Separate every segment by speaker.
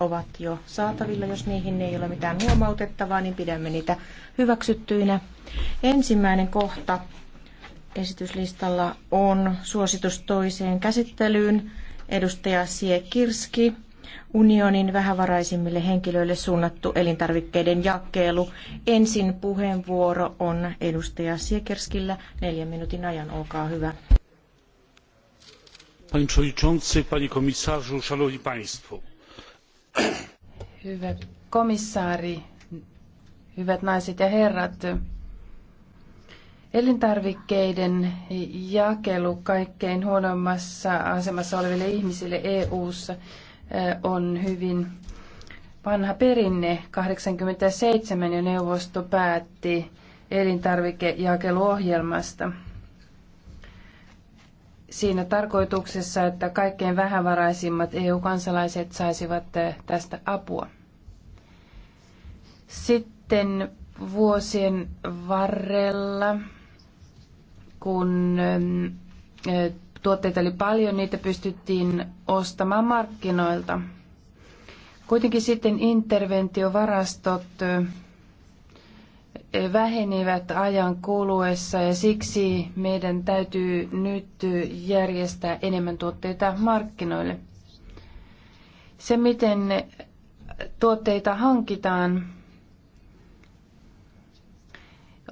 Speaker 1: ovat jo saatavilla. Jos niihin ei ole mitään huomautettavaa, niin pidämme niitä hyväksyttyinä. Ensimmäinen kohta esityslistalla on suositus toiseen käsittelyyn. Edustaja Sie Kirski, unionin vähävaraisimmille henkilöille suunnattu elintarvikkeiden jakelu. Ensin puheenvuoro on edustaja Siekerskillä. Neljän minuutin ajan, olkaa hyvä.
Speaker 2: Panie Przewodniczący, Panie Komisarzu, Szanowni Państwo!
Speaker 3: Hyvä komissaari, hyvät naiset ja herrat. Elintarvikkeiden jakelu kaikkein huonommassa asemassa oleville ihmisille EU:ssa eh, on hyvin vanha perinne. 87 jo neuvosto päätti elintarvikejakeluohjelmasta siinä tarkoituksessa, että kaikkein vähävaraisimmat EU-kansalaiset saisivat eh, tästä apua. Sitten vuosien varrella, kun ehm, eh, tuotteita oli paljon, niitä pystyttiin ostamaan markkinoilta. Kuitenkin sitten interventiovarastot eh, vähenivät ajan kuluessa ja siksi meidän täytyy nyt järjestää enemmän tuotteita markkinoille. Se, miten tuotteita hankitaan,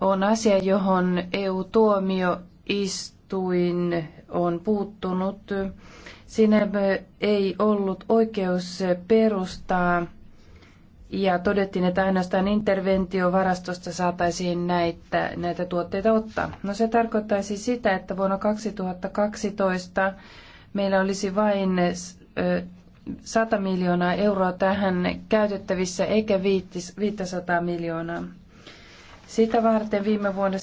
Speaker 3: on asia, johon EU-tuomioistuin on puuttunut. Siinä ei ollut oikeus perustaa ja todettiin, että ainoastaan interventiovarastosta saataisiin näitä, näitä tuotteita ottaa. No se tarkoittaisi sitä, että vuonna 2012 meillä olisi vain 100 miljoonaa euroa tähän käytettävissä, eikä 500 miljoonaa. Sitä varten viime vuonna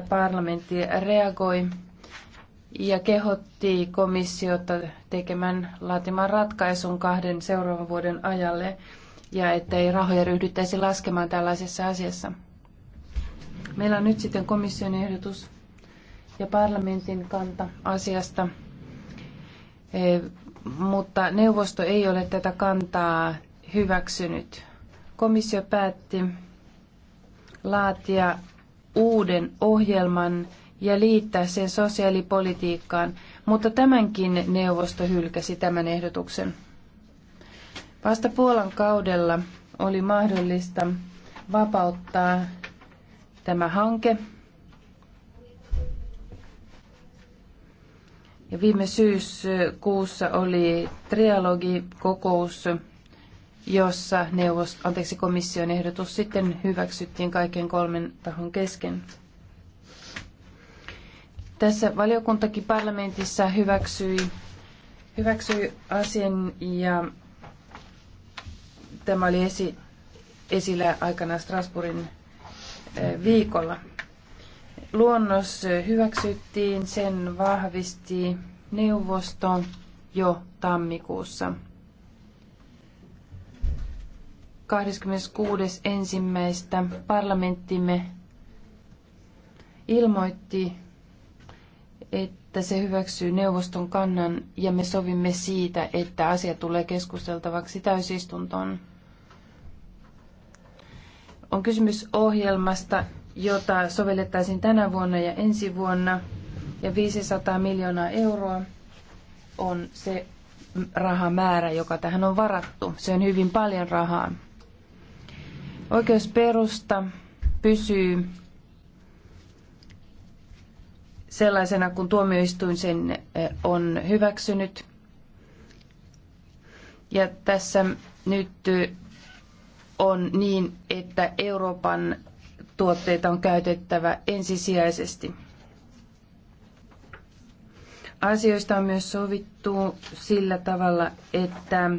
Speaker 3: 7.7. parlamentti reagoi ja kehotti komissiota tekemään laatimaan ratkaisun kahden seuraavan vuoden ajalle ja ettei rahoja ryhdyttäisi laskemaan tällaisessa asiassa. Meillä on nyt sitten komission ehdotus ja parlamentin kanta asiasta, e, mutta neuvosto ei ole tätä kantaa hyväksynyt. Komissio päätti laatia uuden ohjelman ja liittää sen sosiaalipolitiikkaan, mutta tämänkin neuvosto hylkäsi tämän ehdotuksen. Vasta Puolan kaudella oli mahdollista vapauttaa tämä hanke. Ja viime syyskuussa oli trialogikokous, jossa neuvost, anteeksi, komission ehdotus sitten hyväksyttiin kaiken kolmen tahon kesken. Tässä valiokuntakin parlamentissa hyväksyi, hyväksyi asian ja Tämä oli esi, esillä aikana Strasbourgin eh, viikolla. Luonnos hyväksyttiin, sen vahvisti neuvosto jo tammikuussa. 26.1. parlamenttimme ilmoitti, että se hyväksyy neuvoston kannan ja me sovimme siitä, että asia tulee keskusteltavaksi täysistuntoon on kysymys ohjelmasta, jota sovellettaisiin tänä vuonna ja ensi vuonna. Ja 500 miljoonaa euroa on se rahamäärä, joka tähän on varattu. Se on hyvin paljon rahaa. Oikeusperusta pysyy sellaisena, kun tuomioistuin sen on hyväksynyt. Ja tässä nyt on niin, että Euroopan tuotteita on käytettävä ensisijaisesti. Asioista on myös sovittu sillä tavalla, että,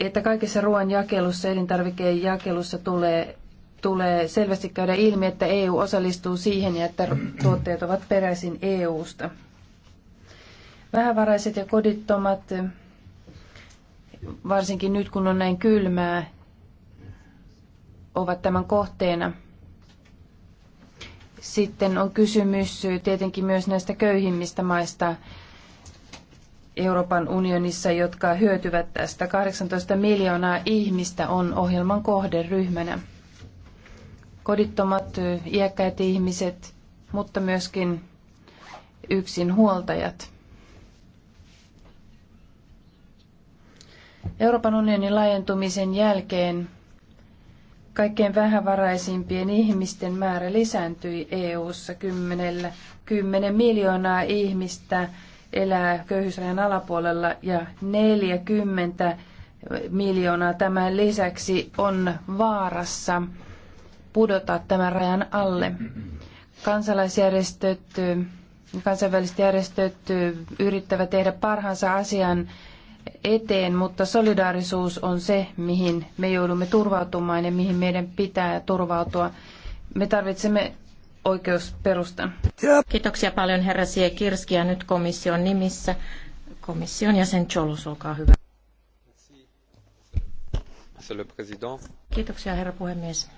Speaker 3: että kaikessa ruoan jakelussa, elintarvikeen jakelussa tulee, tulee selvästi käydä ilmi, että EU osallistuu siihen ja että tuotteet ovat peräisin EUsta. Vähävaraiset ja kodittomat varsinkin nyt kun on näin kylmää, ovat tämän kohteena. Sitten on kysymys tietenkin myös näistä köyhimmistä maista Euroopan unionissa, jotka hyötyvät tästä. 18 miljoonaa ihmistä on ohjelman kohderyhmänä. Kodittomat, iäkkäät ihmiset, mutta myöskin yksinhuoltajat. Euroopan unionin laajentumisen jälkeen kaikkein vähävaraisimpien ihmisten määrä lisääntyi EU-ssa kymmenellä. Kymmenen miljoonaa ihmistä elää köyhyysrajan alapuolella ja 40 miljoonaa tämän lisäksi on vaarassa pudota tämän rajan alle. Kansalaisjärjestöt, kansainväliset järjestöt yrittävät tehdä parhaansa asian eteen, mutta solidaarisuus on se, mihin me joudumme turvautumaan ja mihin meidän pitää turvautua. Me tarvitsemme oikeusperustan. Kiitoksia paljon herra
Speaker 1: Siekirski ja nyt komission nimissä. Komission jäsen Cholus, olkaa hyvä. Kiitoksia herra puhemies.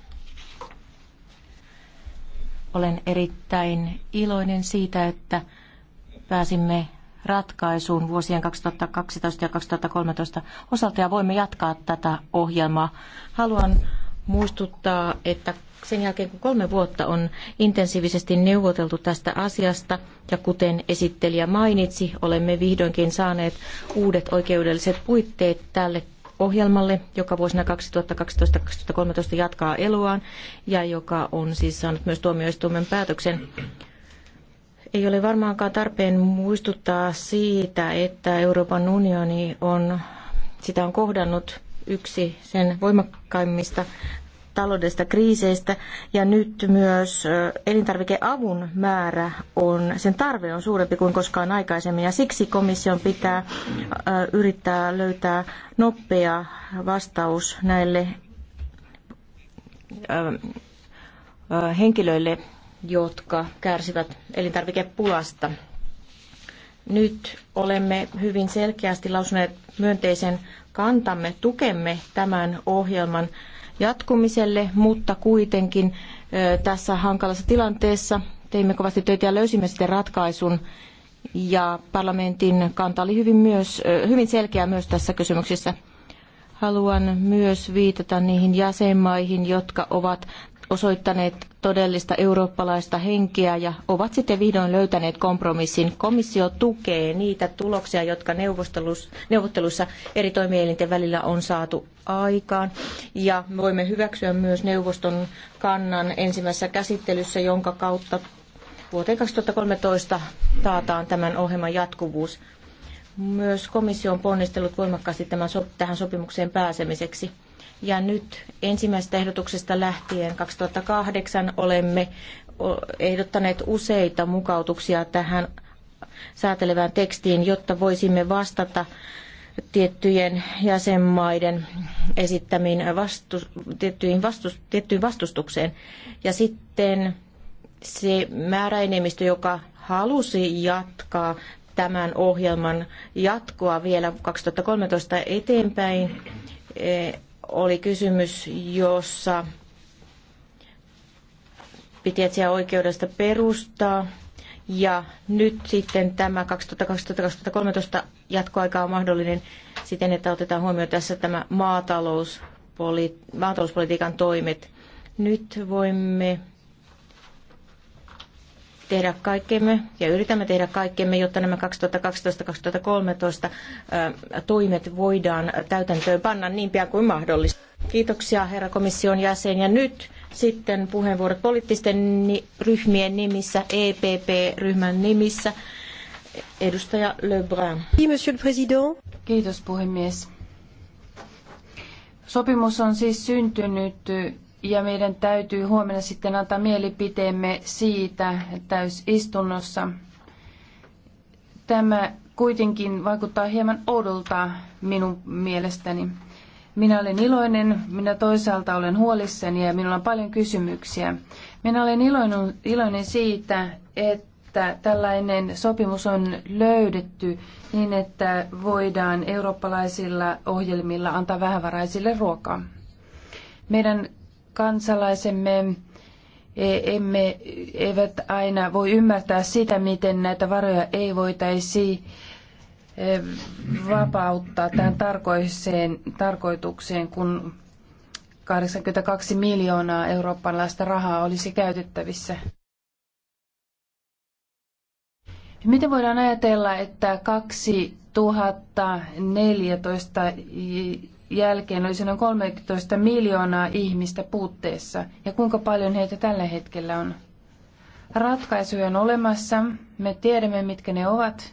Speaker 1: Olen erittäin iloinen siitä, että pääsimme ratkaisuun vuosien 2012 ja 2013 osalta ja voimme jatkaa tätä ohjelmaa. Haluan muistuttaa, että sen jälkeen kun kolme vuotta on intensiivisesti neuvoteltu tästä asiasta ja kuten esittelijä mainitsi, olemme vihdoinkin saaneet uudet oikeudelliset puitteet tälle ohjelmalle, joka vuosina 2012-2013 jatkaa eloaan ja joka on siis saanut myös tuomioistuimen päätöksen ei ole varmaankaan tarpeen muistuttaa siitä, että Euroopan unioni on, sitä on kohdannut yksi sen voimakkaimmista taloudellisista kriiseistä ja nyt myös elintarvikeavun määrä on, sen tarve on suurempi kuin koskaan aikaisemmin ja siksi komission pitää yrittää löytää nopea vastaus näille henkilöille, jotka kärsivät elintarvikepulasta. Nyt olemme hyvin selkeästi lausuneet myönteisen kantamme, tukemme tämän ohjelman jatkumiselle, mutta kuitenkin tässä hankalassa tilanteessa teimme kovasti töitä ja löysimme sitten ratkaisun. Ja parlamentin kanta oli hyvin, myös, hyvin selkeä myös tässä kysymyksessä. Haluan myös viitata niihin jäsenmaihin, jotka ovat osoittaneet todellista eurooppalaista henkeä ja ovat sitten vihdoin löytäneet kompromissin. Komissio tukee niitä tuloksia, jotka neuvotteluissa eri toimielinten välillä on saatu aikaan. Ja voimme hyväksyä myös neuvoston kannan ensimmäisessä käsittelyssä, jonka kautta vuoteen 2013 taataan tämän ohjelman jatkuvuus. Myös komissio on ponnistellut voimakkaasti tämän, tähän sopimukseen pääsemiseksi. Ja nyt ensimmäisestä ehdotuksesta lähtien 2008 olemme ehdottaneet useita mukautuksia tähän säätelevään tekstiin, jotta voisimme vastata tiettyjen jäsenmaiden esittämiin vastu, tiettyihin vastus, tiettyyn vastustukseen. Ja sitten se määräenemmistö, joka halusi jatkaa tämän ohjelman jatkoa vielä 2013 eteenpäin, e, oli kysymys, jossa piti etsiä oikeudesta perustaa. Ja nyt sitten tämä 2012-2013 jatkoaika on mahdollinen siten, että otetaan huomioon tässä tämä maatalouspoli- maatalouspolitiikan toimet. Nyt voimme tehdä kaikkemme ja yritämme tehdä kaikkemme, jotta nämä 2012-2013 toimet voidaan täytäntöön panna niin pian kuin mahdollista. Kiitoksia herra komission jäsen ja nyt sitten puheenvuorot poliittisten ryhmien nimissä, EPP-ryhmän nimissä. Edustaja Lebrun.
Speaker 3: Monsieur Kiitos puhemies. Sopimus on siis syntynyt ja meidän täytyy huomenna sitten antaa mielipiteemme siitä täysistunnossa. Tämä kuitenkin vaikuttaa hieman oudolta minun mielestäni. Minä olen iloinen, minä toisaalta olen huolissani ja minulla on paljon kysymyksiä. Minä olen iloinen, iloinen siitä, että tällainen sopimus on löydetty niin, että voidaan eurooppalaisilla ohjelmilla antaa vähävaraisille ruokaa. Meidän kansalaisemme e, emme, eivät aina voi ymmärtää sitä, miten näitä varoja ei voitaisi e, vapauttaa tähän tarkoiseen, tarkoitukseen, kun 82 miljoonaa eurooppalaista rahaa olisi käytettävissä. Miten voidaan ajatella, että 2014 jälkeen oli noin 13 miljoonaa ihmistä puutteessa. Ja kuinka paljon heitä tällä hetkellä on? Ratkaisuja on olemassa. Me tiedämme, mitkä ne ovat.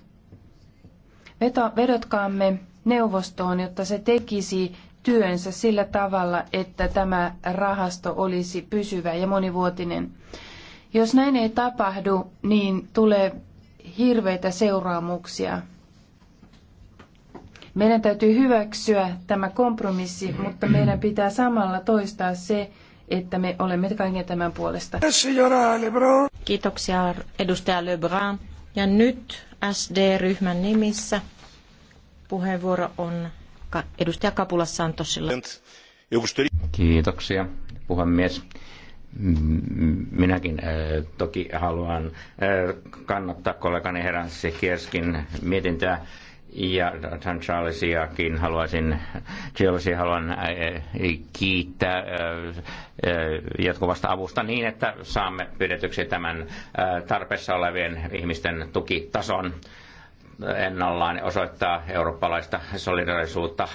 Speaker 3: Veto, vedotkaamme neuvostoon, jotta se tekisi työnsä sillä tavalla, että tämä rahasto olisi pysyvä ja monivuotinen. Jos näin ei tapahdu, niin tulee hirveitä seuraamuksia meidän täytyy hyväksyä tämä kompromissi, mutta meidän pitää samalla toistaa se, että me olemme kaiken tämän puolesta.
Speaker 1: Kiitoksia edustaja Lebrun. Ja nyt SD-ryhmän nimissä puheenvuoro on edustaja Kapula Santosilla.
Speaker 4: Kiitoksia puhemies. Minäkin äh, toki haluan äh, kannattaa kollegani Heranssi Kierskin mietintää ja tämän Charlesiakin haluaisin, Charlesia haluan äh, kiittää äh, äh, jatkuvasta avusta niin, että saamme pidetyksi tämän tarpeessa olevien ihmisten tukitason ennallaan osoittaa eurooppalaista solidarisuutta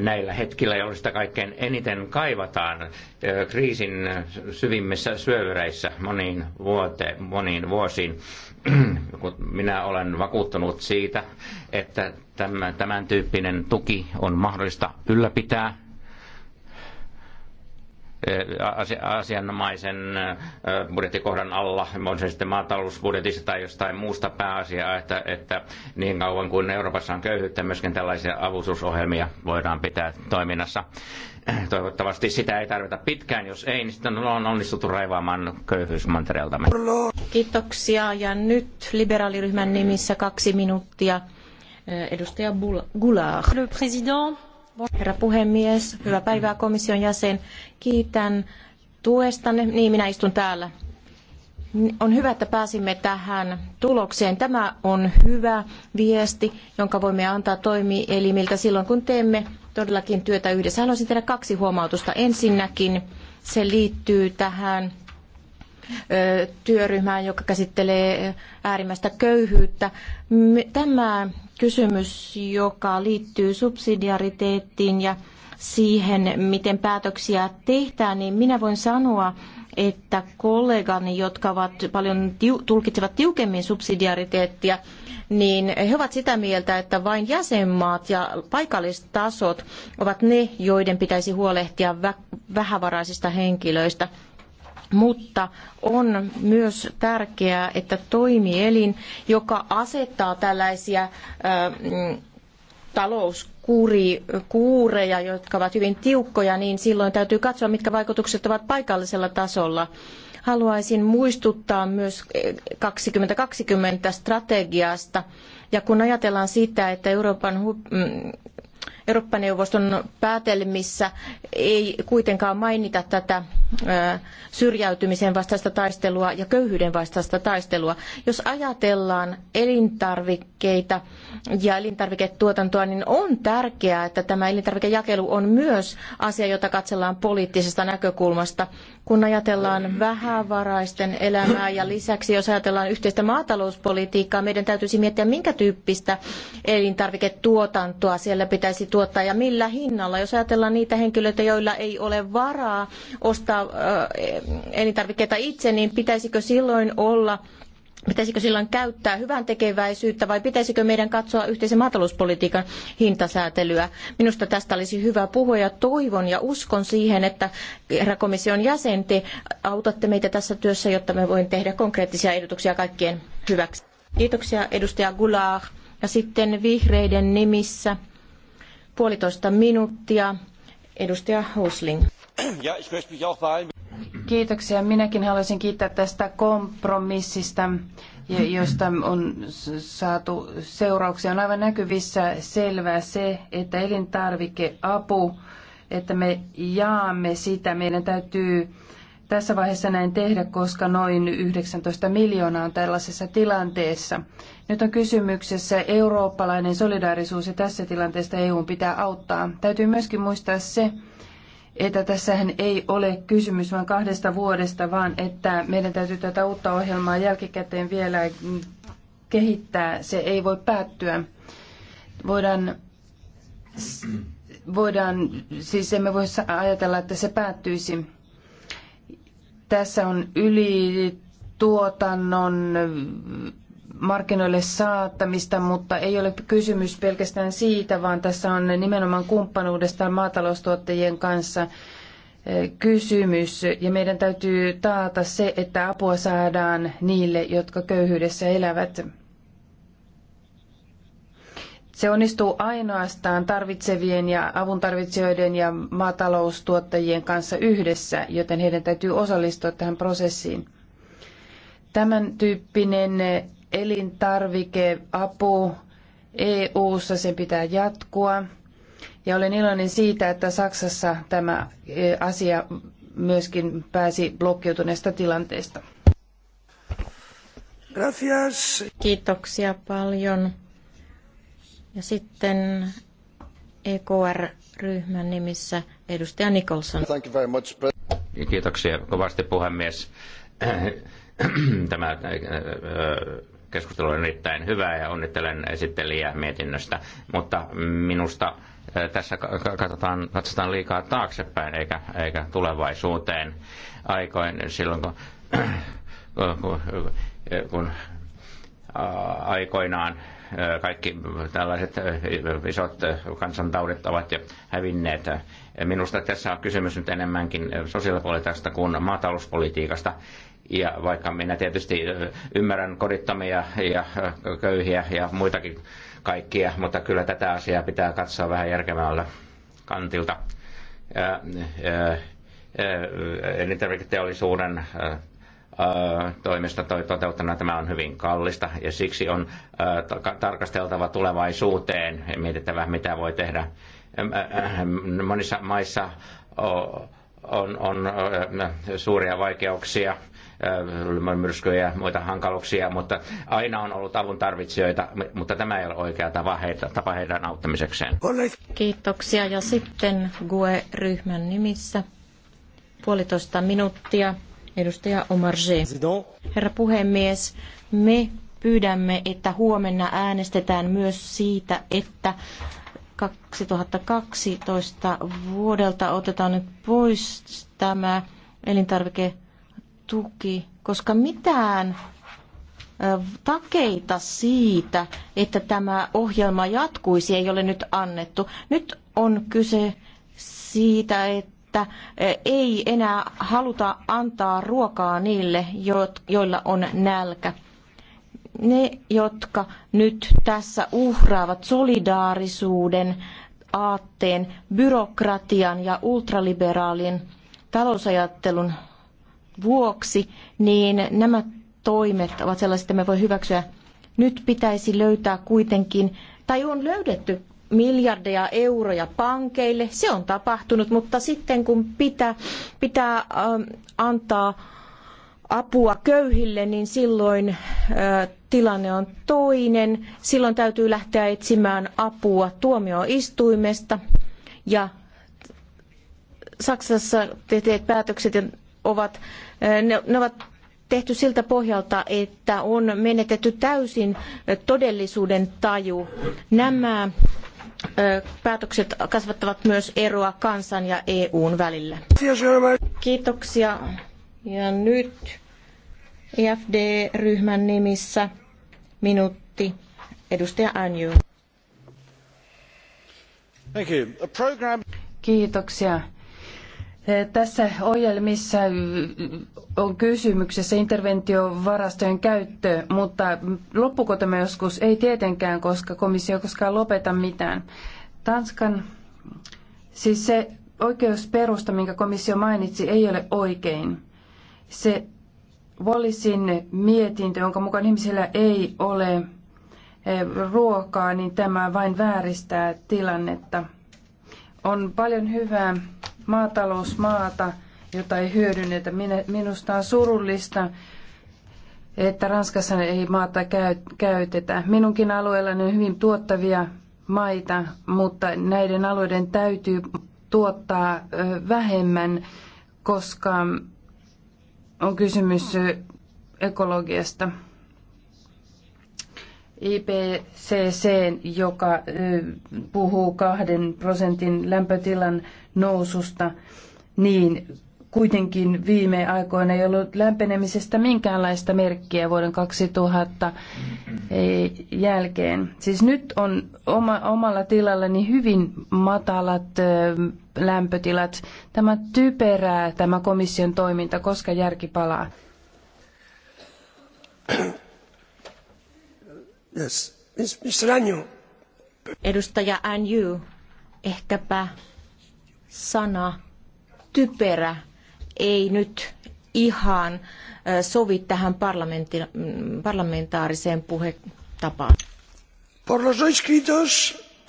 Speaker 4: näillä hetkillä, jolloin sitä kaikkein eniten kaivataan kriisin syvimmissä syövyreissä moniin, vuote, moniin vuosiin. Minä olen vakuuttunut siitä, että tämän tyyppinen tuki on mahdollista ylläpitää asianomaisen budjettikohdan alla, on se sitten maatalousbudjetissa tai jostain muusta pääasiaa, että, että niin kauan kuin Euroopassa on köyhyyttä, myöskin tällaisia avustusohjelmia voidaan pitää toiminnassa. Toivottavasti sitä ei tarvita pitkään, jos ei, niin sitten on onnistuttu raivaamaan köyhyysmantereeltamme.
Speaker 1: Kiitoksia ja nyt liberaaliryhmän nimissä kaksi minuuttia. Edustaja Goulard. Le président. Herra puhemies, hyvää päivää komission jäsen. Kiitän tuestanne. Niin, minä istun täällä. On hyvä, että pääsimme tähän tulokseen. Tämä on hyvä viesti, jonka voimme antaa toimielimiltä silloin, kun teemme todellakin työtä yhdessä. Haluaisin tehdä kaksi huomautusta. Ensinnäkin se liittyy tähän työryhmään, joka käsittelee äärimmäistä köyhyyttä. Tämä kysymys, joka liittyy subsidiariteettiin ja siihen, miten päätöksiä tehdään, niin minä voin sanoa, että kollegani, jotka ovat paljon tiu- tulkitsevat tiukemmin subsidiariteettia, niin he ovat sitä mieltä, että vain jäsenmaat ja paikallistasot ovat ne, joiden pitäisi huolehtia vähävaraisista henkilöistä – mutta on myös tärkeää, että toimielin, joka asettaa tällaisia mm, talouskuureja, jotka ovat hyvin tiukkoja, niin silloin täytyy katsoa, mitkä vaikutukset ovat paikallisella tasolla. Haluaisin muistuttaa myös 2020 e, strategiasta. Ja kun ajatellaan sitä, että Euroopan mm, Eurooppa-neuvoston päätelmissä ei kuitenkaan mainita tätä syrjäytymisen vastaista taistelua ja köyhyyden vastaista taistelua. Jos ajatellaan elintarvikkeita ja elintarviketuotantoa, niin on tärkeää, että tämä elintarvikejakelu on myös asia, jota katsellaan poliittisesta näkökulmasta. Kun ajatellaan vähävaraisten elämää ja lisäksi jos ajatellaan yhteistä maatalouspolitiikkaa, meidän täytyisi miettiä, minkä tyyppistä elintarviketuotantoa siellä pitäisi tuoda tuottaa ja millä hinnalla. Jos ajatellaan niitä henkilöitä, joilla ei ole varaa ostaa elintarvikkeita itse, niin pitäisikö silloin olla Pitäisikö silloin käyttää hyvän tekeväisyyttä vai pitäisikö meidän katsoa yhteisen maatalouspolitiikan hintasäätelyä? Minusta tästä olisi hyvä puhua ja toivon ja uskon siihen, että herra komission jäsen, te autatte meitä tässä työssä, jotta me voimme tehdä konkreettisia ehdotuksia kaikkien hyväksi. Kiitoksia edustaja Goulart. Ja sitten vihreiden nimissä puolitoista
Speaker 3: minuuttia. Edustaja Husling. Kiitoksia. Minäkin haluaisin kiittää tästä kompromissista, josta on saatu seurauksia. On aivan näkyvissä selvää se, että elintarvikeapu, että me jaamme sitä, meidän täytyy tässä vaiheessa näin tehdä, koska noin 19 miljoonaa on tällaisessa tilanteessa. Nyt on kysymyksessä eurooppalainen solidaarisuus ja tässä tilanteessa EU pitää auttaa. Täytyy myöskin muistaa se, että tässähän ei ole kysymys vain kahdesta vuodesta, vaan että meidän täytyy tätä uutta ohjelmaa jälkikäteen vielä kehittää. Se ei voi päättyä. Voidaan voidaan, siis emme voi ajatella, että se päättyisi. Tässä on ylituotannon markkinoille saattamista, mutta ei ole kysymys pelkästään siitä, vaan tässä on nimenomaan kumppanuudesta maataloustuottajien kanssa e, kysymys. Ja meidän täytyy taata se, että apua saadaan niille, jotka köyhyydessä elävät. Se onnistuu ainoastaan tarvitsevien ja avuntarvitsijoiden ja maataloustuottajien kanssa yhdessä, joten heidän täytyy osallistua tähän prosessiin. Tämän tyyppinen elintarvikeapu EU-ssa sen pitää jatkua. Ja olen iloinen siitä, että Saksassa tämä e, asia myöskin pääsi blokkiutuneesta tilanteesta.
Speaker 1: Kiitoksia paljon. Ja sitten EKR-ryhmän nimissä edustaja Nicholson. Thank
Speaker 3: you very
Speaker 4: much. Kiitoksia kovasti puhemies. Tämä äh, äh, keskustelu on erittäin hyvä ja onnittelen esittelijää mietinnöstä, mutta minusta äh, tässä katsotaan, katsotaan liikaa taaksepäin eikä, eikä tulevaisuuteen aikoin silloin, kun, kun, kun aikoinaan kaikki tällaiset isot kansantaudit ovat jo hävinneet. Minusta tässä on kysymys nyt enemmänkin sosiaalipolitiikasta kuin maatalouspolitiikasta. Ja vaikka minä tietysti ymmärrän kodittomia ja köyhiä ja muitakin kaikkia, mutta kyllä tätä asiaa pitää katsoa vähän järkevällä kantilta ja, toimesta toteuttana tämä on hyvin kallista ja siksi on tarkasteltava tulevaisuuteen ja mietittävä, mitä voi tehdä. Monissa maissa on, on suuria vaikeuksia, myrskyjä ja muita hankaluuksia, mutta aina on ollut avun tarvitsijoita, mutta tämä ei ole oikea tapa, heitä, tapa heidän auttamisekseen.
Speaker 1: Kiitoksia ja sitten GUE-ryhmän nimissä puolitoista minuuttia Edustaja Omarje. Herra puhemies, me pyydämme, että huomenna äänestetään myös siitä, että 2012 vuodelta otetaan nyt pois tämä elintarviketuki, koska mitään takeita siitä, että tämä ohjelma jatkuisi, ei ole nyt annettu. Nyt on kyse siitä, että että ei enää haluta antaa ruokaa niille, joilla on nälkä. Ne, jotka nyt tässä uhraavat solidaarisuuden, aatteen, byrokratian ja ultraliberaalin talousajattelun vuoksi, niin nämä toimet ovat sellaisia, että me voi hyväksyä. Nyt pitäisi löytää kuitenkin, tai on löydetty miljardeja euroja pankeille. Se on tapahtunut, mutta sitten kun pitää, pitää ähm, antaa apua köyhille, niin silloin äh, tilanne on toinen. Silloin täytyy lähteä etsimään apua tuomioistuimesta. Ja Saksassa tehtyt päätökset ovat, äh, ne, ne ovat tehty siltä pohjalta, että on menetetty täysin todellisuuden taju. Nämä päätökset kasvattavat myös eroa kansan ja EUn välillä. Kiitoksia. Ja nyt EFD-ryhmän nimissä minuutti.
Speaker 3: Edustaja Anju. Kiitoksia. Tässä ohjelmissa on kysymyksessä interventiovarastojen käyttö, mutta loppuko tämä joskus? Ei tietenkään, koska komissio ei koskaan lopeta mitään. Tanskan, siis se oikeusperusta, minkä komissio mainitsi, ei ole oikein. Se Wallisin mietintö, jonka mukaan ihmisillä ei ole e, ruokaa, niin tämä vain vääristää tilannetta. On paljon hyvää maatalousmaata, jota ei hyödynnetä. Minusta on surullista, että Ranskassa ei maata käytetä. Minunkin alueellani on hyvin tuottavia maita, mutta näiden alueiden täytyy tuottaa vähemmän, koska on kysymys ekologiasta. IPCC, joka puhuu kahden prosentin lämpötilan noususta, niin kuitenkin viime aikoina ei ollut lämpenemisestä minkäänlaista merkkiä vuoden 2000 jälkeen. Siis nyt on oma, omalla tilallani hyvin matalat lämpötilat. Tämä typerää tämä komission toiminta, koska järki palaa.
Speaker 1: Edustaja Anju, ehkäpä sana typerä ei nyt ihan sovi tähän mm, parlamentaariseen puhetapaan.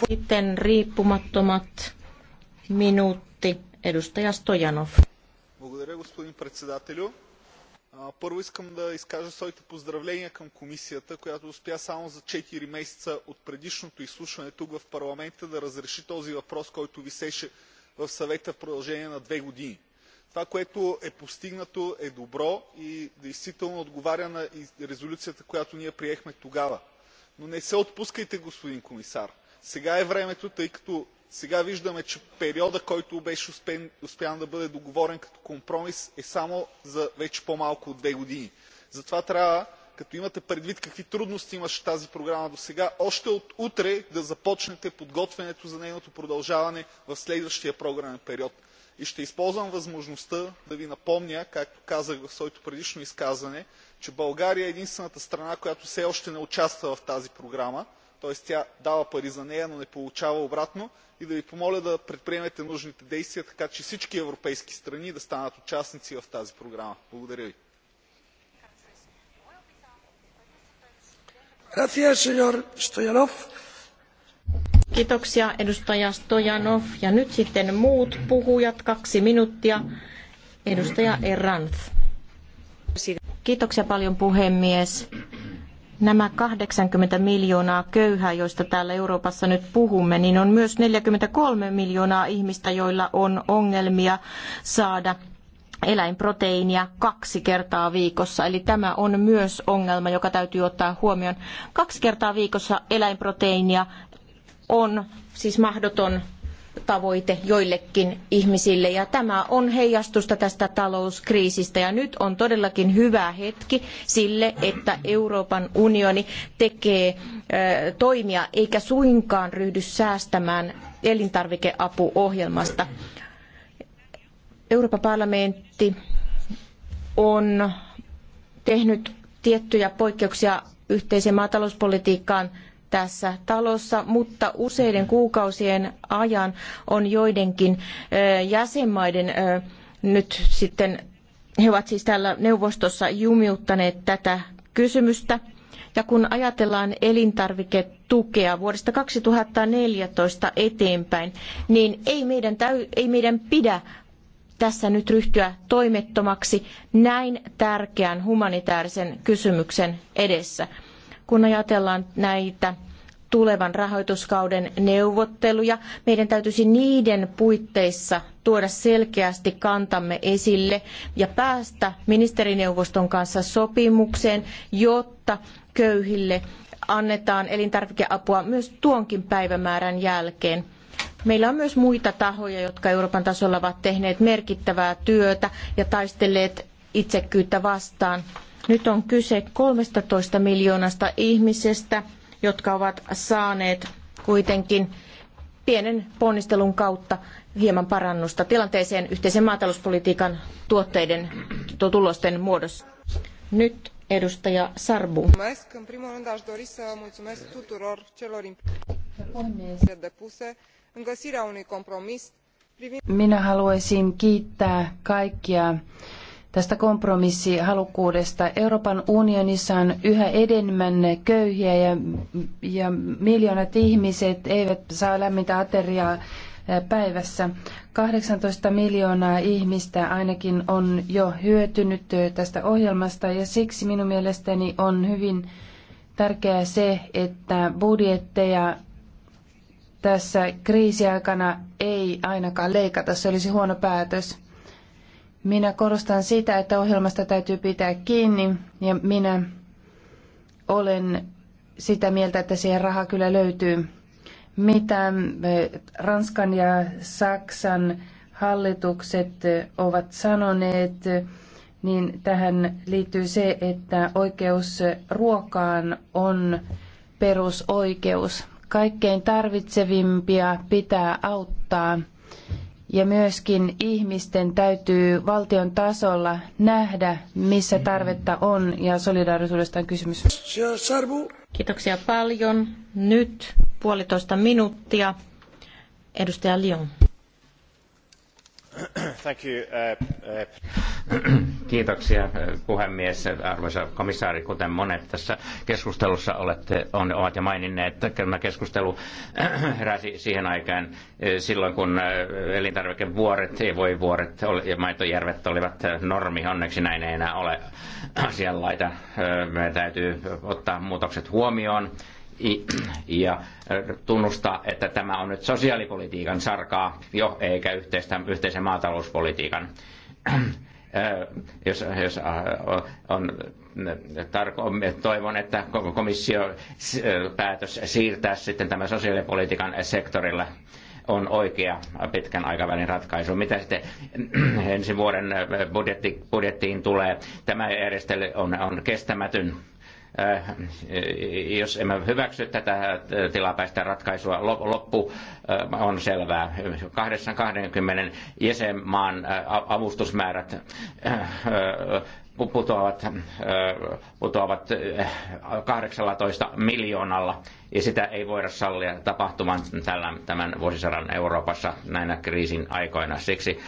Speaker 1: Sitten riippumattomat minuutti. Edustaja Stojanov.
Speaker 2: Благодаря, първо искам да изкажа своите поздравления към комисията която успя само за четири месеца от предишното изслушване тук в парламента да разреши този въпрос който висеше в съвета в продължение на две години. това което е постигнато е добро и действително отговаря на резолюцията която ние приехме тогава. но не се отпускайте господин комисар! сега е времето тъй като сега виждаме че периодът който беше успян да бъде договорен като компромис е само за вече по малко от две години. затова трябва като имате предвид какви трудности имаше тази програма досега още от утре да започнете подготвянето за нейното продължаване в следващия програмен период. и ще използвам възможността да ви напомня както казах в своето предишно изказване че българя е единствената страна която все още не участва в тази програма тоест тя дава пари за нея, но не получава обратно и да ви помоля да предприемете нужните действия, така че всички европейски страни да станат участници в тази програма. Благодаря ви.
Speaker 1: Kiitoksia edustaja Stojanov. Ja nyt sitten muut puhujat, kaksi minuuttia. Edustaja Erranth. Kiitoksia paljon puhemies. Nämä 80 miljoonaa köyhää, joista täällä Euroopassa nyt puhumme, niin on myös 43 miljoonaa ihmistä, joilla on ongelmia saada eläinproteiinia kaksi kertaa viikossa. Eli tämä on myös ongelma, joka täytyy ottaa huomioon. Kaksi kertaa viikossa eläinproteiinia on siis mahdoton tavoite joillekin ihmisille ja tämä on heijastusta tästä talouskriisistä ja nyt on todellakin hyvä hetki sille, että Euroopan unioni tekee toimia eikä suinkaan ryhdy säästämään elintarvikeapuohjelmasta. Euroopan parlamentti on tehnyt tiettyjä poikkeuksia yhteiseen maatalouspolitiikkaan tässä talossa, mutta useiden kuukausien ajan on joidenkin jäsenmaiden nyt sitten, he ovat siis täällä neuvostossa jumiuttaneet tätä kysymystä. Ja kun ajatellaan elintarviketukea vuodesta 2014 eteenpäin, niin ei meidän, täy, ei meidän pidä tässä nyt ryhtyä toimettomaksi näin tärkeän humanitaarisen kysymyksen edessä. Kun ajatellaan näitä tulevan rahoituskauden neuvotteluja. Meidän täytyisi niiden puitteissa tuoda selkeästi kantamme esille ja päästä ministerineuvoston kanssa sopimukseen, jotta köyhille annetaan elintarvikeapua myös tuonkin päivämäärän jälkeen. Meillä on myös muita tahoja, jotka Euroopan tasolla ovat tehneet merkittävää työtä ja taistelleet itsekkyyttä vastaan. Nyt on kyse 13 miljoonasta ihmisestä, jotka ovat saaneet kuitenkin pienen ponnistelun kautta hieman parannusta tilanteeseen yhteisen maatalouspolitiikan tuotteiden tulosten muodossa. Nyt edustaja Sarbu.
Speaker 3: Minä haluaisin kiittää kaikkia tästä kompromissihalukkuudesta. Euroopan unionissa on yhä enemmän köyhiä ja, ja miljoonat ihmiset eivät saa lämmintä ateriaa päivässä. 18 miljoonaa ihmistä ainakin on jo hyötynyt tästä ohjelmasta ja siksi minun mielestäni on hyvin tärkeää se, että budjetteja tässä kriisiaikana ei ainakaan leikata. Se olisi huono päätös. Minä korostan sitä, että ohjelmasta täytyy pitää kiinni ja minä olen sitä mieltä, että siihen raha kyllä löytyy. Mitä äh, Ranskan ja Saksan hallitukset äh, ovat sanoneet, äh, niin tähän liittyy se, että oikeus ruokaan on perusoikeus. Kaikkein tarvitsevimpia pitää auttaa ja myöskin ihmisten täytyy valtion tasolla nähdä, missä tarvetta on ja solidaarisuudesta on kysymys.
Speaker 1: Kiitoksia paljon. Nyt puolitoista minuuttia. Edustaja Lyon.
Speaker 4: Uh, uh, Kiitoksia uh, puhemies. Arvoisa komissaari, kuten monet tässä keskustelussa olette, on, ovat jo maininneet, että tämä keskustelu äh, heräsi siihen aikaan äh, silloin, kun äh, elintarvikevuoret ja voivuoret ja maitojärvet olivat normi. Onneksi näin ei enää ole asianlaita. Me täytyy ottaa muutokset huomioon ja tunnustaa, että tämä on nyt sosiaalipolitiikan sarkaa jo, eikä yhteistä, yhteisen maatalouspolitiikan. jos, jos on toivon, että koko komissio päätös siirtää sitten tämä sosiaalipolitiikan sektorilla on oikea pitkän aikavälin ratkaisu. Mitä sitten ensi vuoden budjetti, budjettiin tulee? Tämä järjestely on, on kestämätön Äh, jos emme hyväksy tätä äh, tilapäistä ratkaisua, loppu äh, on selvää. 220 jäsenmaan avustusmäärät putoavat, putoavat 18 miljoonalla, ja sitä ei voida sallia tapahtuman tällä, tämän vuosisadan Euroopassa näinä kriisin aikoina. Siksi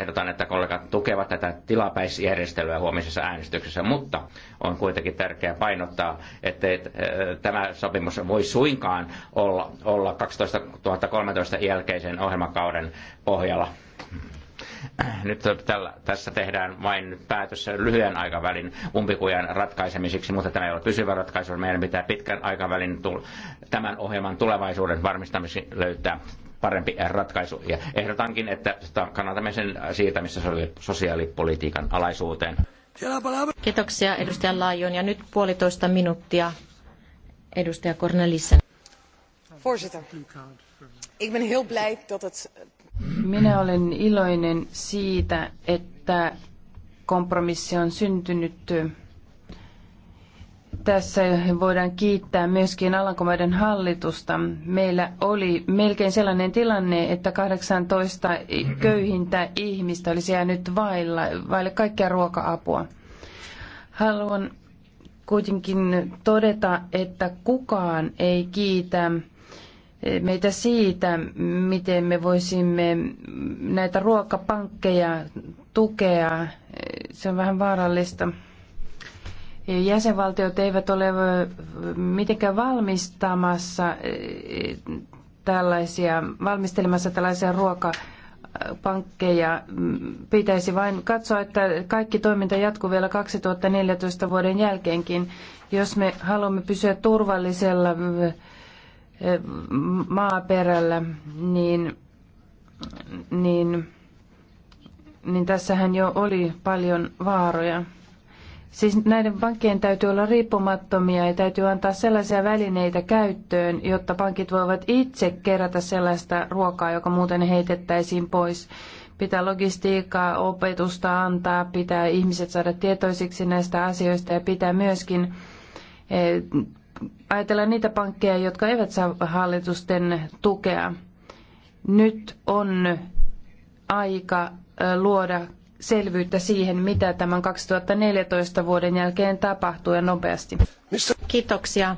Speaker 4: ehdotan, että kollegat tukevat tätä tilapäisjärjestelyä huomisessa äänestyksessä, mutta on kuitenkin tärkeää painottaa, että tämä sopimus voi suinkaan olla, olla 12 2013 jälkeisen ohjelmakauden pohjalla. Nyt tällä, tässä tehdään vain päätös lyhyen aikavälin umpikujan ratkaisemiseksi, mutta tämä ei ole pysyvä ratkaisu. Meidän pitää pitkän aikavälin tämän ohjelman tulevaisuuden varmistamiseksi löytää parempi ratkaisu. Ja ehdotankin, että kannatamme sen siirtämistä sosiaalipolitiikan alaisuuteen.
Speaker 1: Kiitoksia edustaja Laajon. Ja nyt puolitoista minuuttia edustaja
Speaker 3: Cornelissen. Voorzitter, ik ben heel blij dat het minä olen iloinen siitä, että kompromissi on syntynyt. Tässä voidaan kiittää myöskin Alankomaiden hallitusta. Meillä oli melkein sellainen tilanne, että 18 köyhintä ihmistä olisi jäänyt vailla, vaille kaikkea ruoka-apua. Haluan kuitenkin todeta, että kukaan ei kiitä meitä siitä, miten me voisimme näitä ruokapankkeja tukea. Se on vähän vaarallista. Jäsenvaltiot eivät ole mitenkään valmistamassa e, tällaisia, valmistelemassa tällaisia ruokapankkeja. Pitäisi vain katsoa, että kaikki toiminta jatkuu vielä 2014 vuoden jälkeenkin. Jos me haluamme pysyä turvallisella maaperällä, niin, niin, niin tässähän jo oli paljon vaaroja. Siis näiden pankkien täytyy olla riippumattomia ja täytyy antaa sellaisia välineitä käyttöön, jotta pankit voivat itse kerätä sellaista ruokaa, joka muuten heitettäisiin pois. Pitää logistiikkaa, opetusta antaa, pitää ihmiset saada tietoisiksi näistä asioista ja pitää myöskin eh, ajatellaan niitä pankkeja, jotka eivät saa hallitusten tukea. Nyt on aika luoda selvyyttä siihen, mitä tämän 2014 vuoden jälkeen tapahtuu ja nopeasti. Kiitoksia,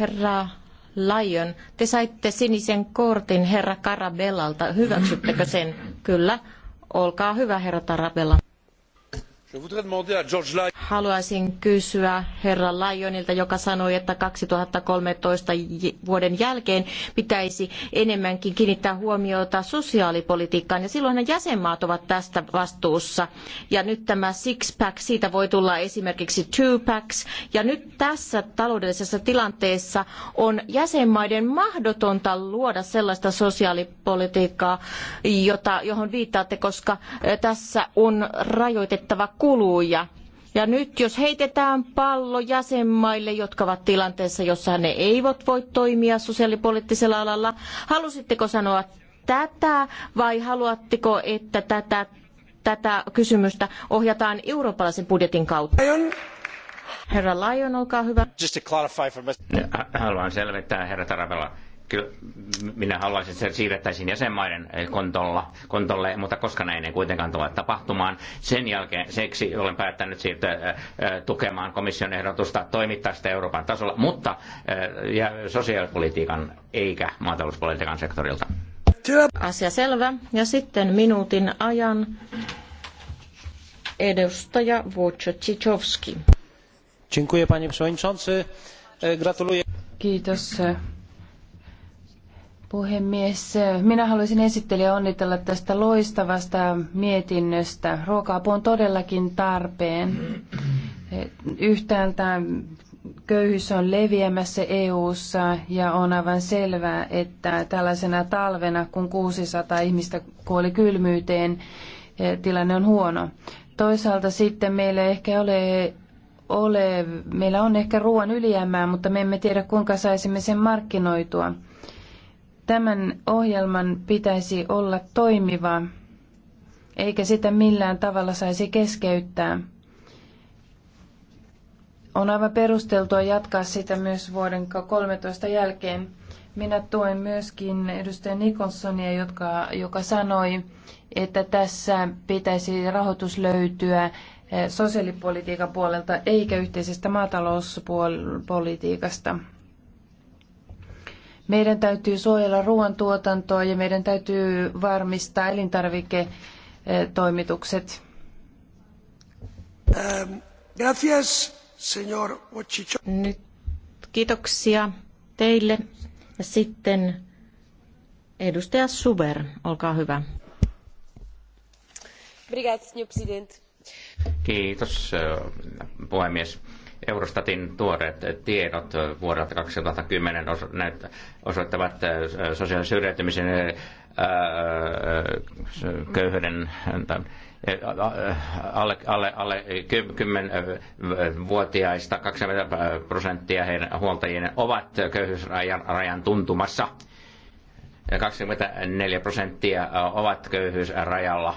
Speaker 1: herra Lion. Te saitte sinisen kortin herra Karabellalta. Hyväksyttekö sen? Kyllä. Olkaa hyvä, herra Tarabella. Haluaisin kysyä herra Lyonilta, joka sanoi, että 2013 vuoden jälkeen pitäisi enemmänkin kiinnittää huomiota sosiaalipolitiikkaan. Ja silloin jäsenmaat ovat tästä vastuussa. Ja nyt tämä six-pack, siitä voi tulla esimerkiksi two-packs. Ja nyt tässä taloudellisessa tilanteessa on jäsenmaiden mahdotonta luoda sellaista sosiaalipolitiikkaa, jota, johon viittaatte, koska eh, tässä on rajoitettava kuluja. Ja nyt jos heitetään pallo jäsenmaille, jotka ovat tilanteessa, jossa ne eivät voi toimia sosiaalipoliittisella alalla, halusitteko sanoa tätä vai haluatteko, että tätä, tätä kysymystä ohjataan eurooppalaisen budjetin kautta? Herra olkaa hyvä.
Speaker 4: Haluan selvittää, herra Tarabella kyllä minä haluaisin, että se siirrettäisiin jäsenmaiden eh, kontolla, kontolle, mutta koska näin ei kuitenkaan tule tapahtumaan, sen jälkeen seksi olen päättänyt siirtyä eh, eh, tukemaan komission ehdotusta sitä Euroopan tasolla, mutta ja sosiaalipolitiikan eikä maatalouspolitiikan sektorilta.
Speaker 1: Asia selvä. Ja sitten minuutin ajan edustaja
Speaker 3: Wojciechowski.
Speaker 4: Dziękuję panie przewodniczący. E, gratuluję.
Speaker 3: Kiitos puhemies. Minä haluaisin esittelijä onnitella tästä loistavasta mietinnöstä. ruoka on todellakin tarpeen. Yhtäältä köyhyys on leviämässä EU:ssa ja on aivan selvää, että tällaisena talvena, kun 600 ihmistä kuoli kylmyyteen, eh, tilanne on huono. Toisaalta sitten meillä ehkä ole ole, meillä on ehkä ruoan ylijäämää, mutta me emme tiedä kuinka saisimme sen markkinoitua. Tämän ohjelman pitäisi olla toimiva, eikä sitä millään tavalla saisi keskeyttää. On aivan perusteltua jatkaa sitä myös vuoden 2013 jälkeen. Minä tuen myöskin edustaja Nikonsonia, joka, joka sanoi, että tässä pitäisi rahoitus löytyä eh, sosiaalipolitiikan puolelta eikä yhteisestä maatalouspolitiikasta. Meidän täytyy suojella ruoantuotantoa ja meidän täytyy varmistaa elintarviketoimitukset. Ähm, gracias, señor Nyt kiitoksia
Speaker 1: teille. Ja sitten edustaja Suber, olkaa hyvä.
Speaker 4: Kiitos äh, puhemies. Eurostatin tuoreet tiedot vuodelta 2010 osoittavat äh, sosiaalisen syrjäytymisen äh, äh, köyhyyden alle, alle, alle 10-vuotiaista 20 prosenttia heidän huoltajien ovat köyhyysrajan rajan tuntumassa. 24 prosenttia ovat köyhyysrajalla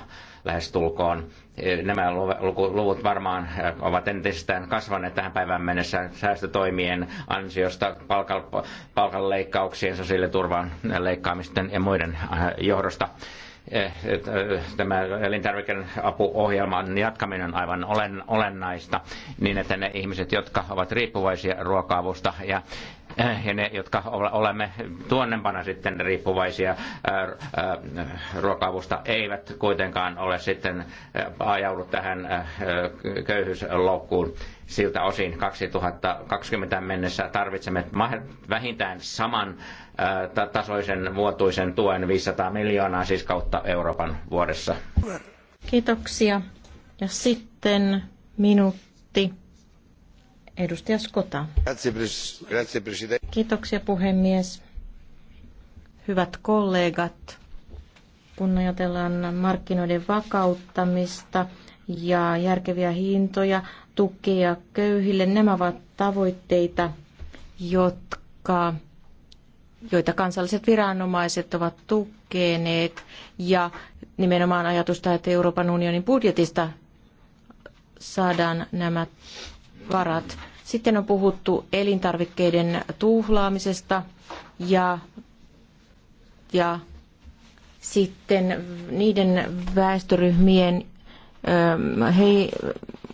Speaker 4: lähestulkoon. E, nämä luvut varmaan e, ovat entisestään kasvaneet tähän päivään mennessä säästötoimien ansiosta, palkanleikkauksien, sosiaaliturvan leikkaamisten ja muiden e, johdosta tämä apuohjelman jatkaminen on aivan olennaista, niin että ne ihmiset, jotka ovat riippuvaisia ruoka-avusta ja Äh, ja ne, jotka olemme tuonnempana sitten riippuvaisia äh, äh, ruokavusta, eivät kuitenkaan ole sitten ajaudu tähän köyhyysloukkuun siltä osin 2020 mennessä tarvitsemme vähintään saman tasoisen vuotuisen tuen 500 miljoonaa siis kautta Euroopan vuodessa.
Speaker 1: Kiitoksia. Ja sitten minuutti Edustaja Skota. Kiitoksia puhemies. Hyvät kollegat, kun ajatellaan markkinoiden vakauttamista ja järkeviä hintoja, tukea köyhille, nämä ovat tavoitteita, jotka, joita kansalliset viranomaiset ovat tukeneet ja nimenomaan ajatusta, että Euroopan unionin budjetista saadaan nämä varat. Sitten on puhuttu elintarvikkeiden tuhlaamisesta ja, ja sitten niiden väestöryhmien ähm, he,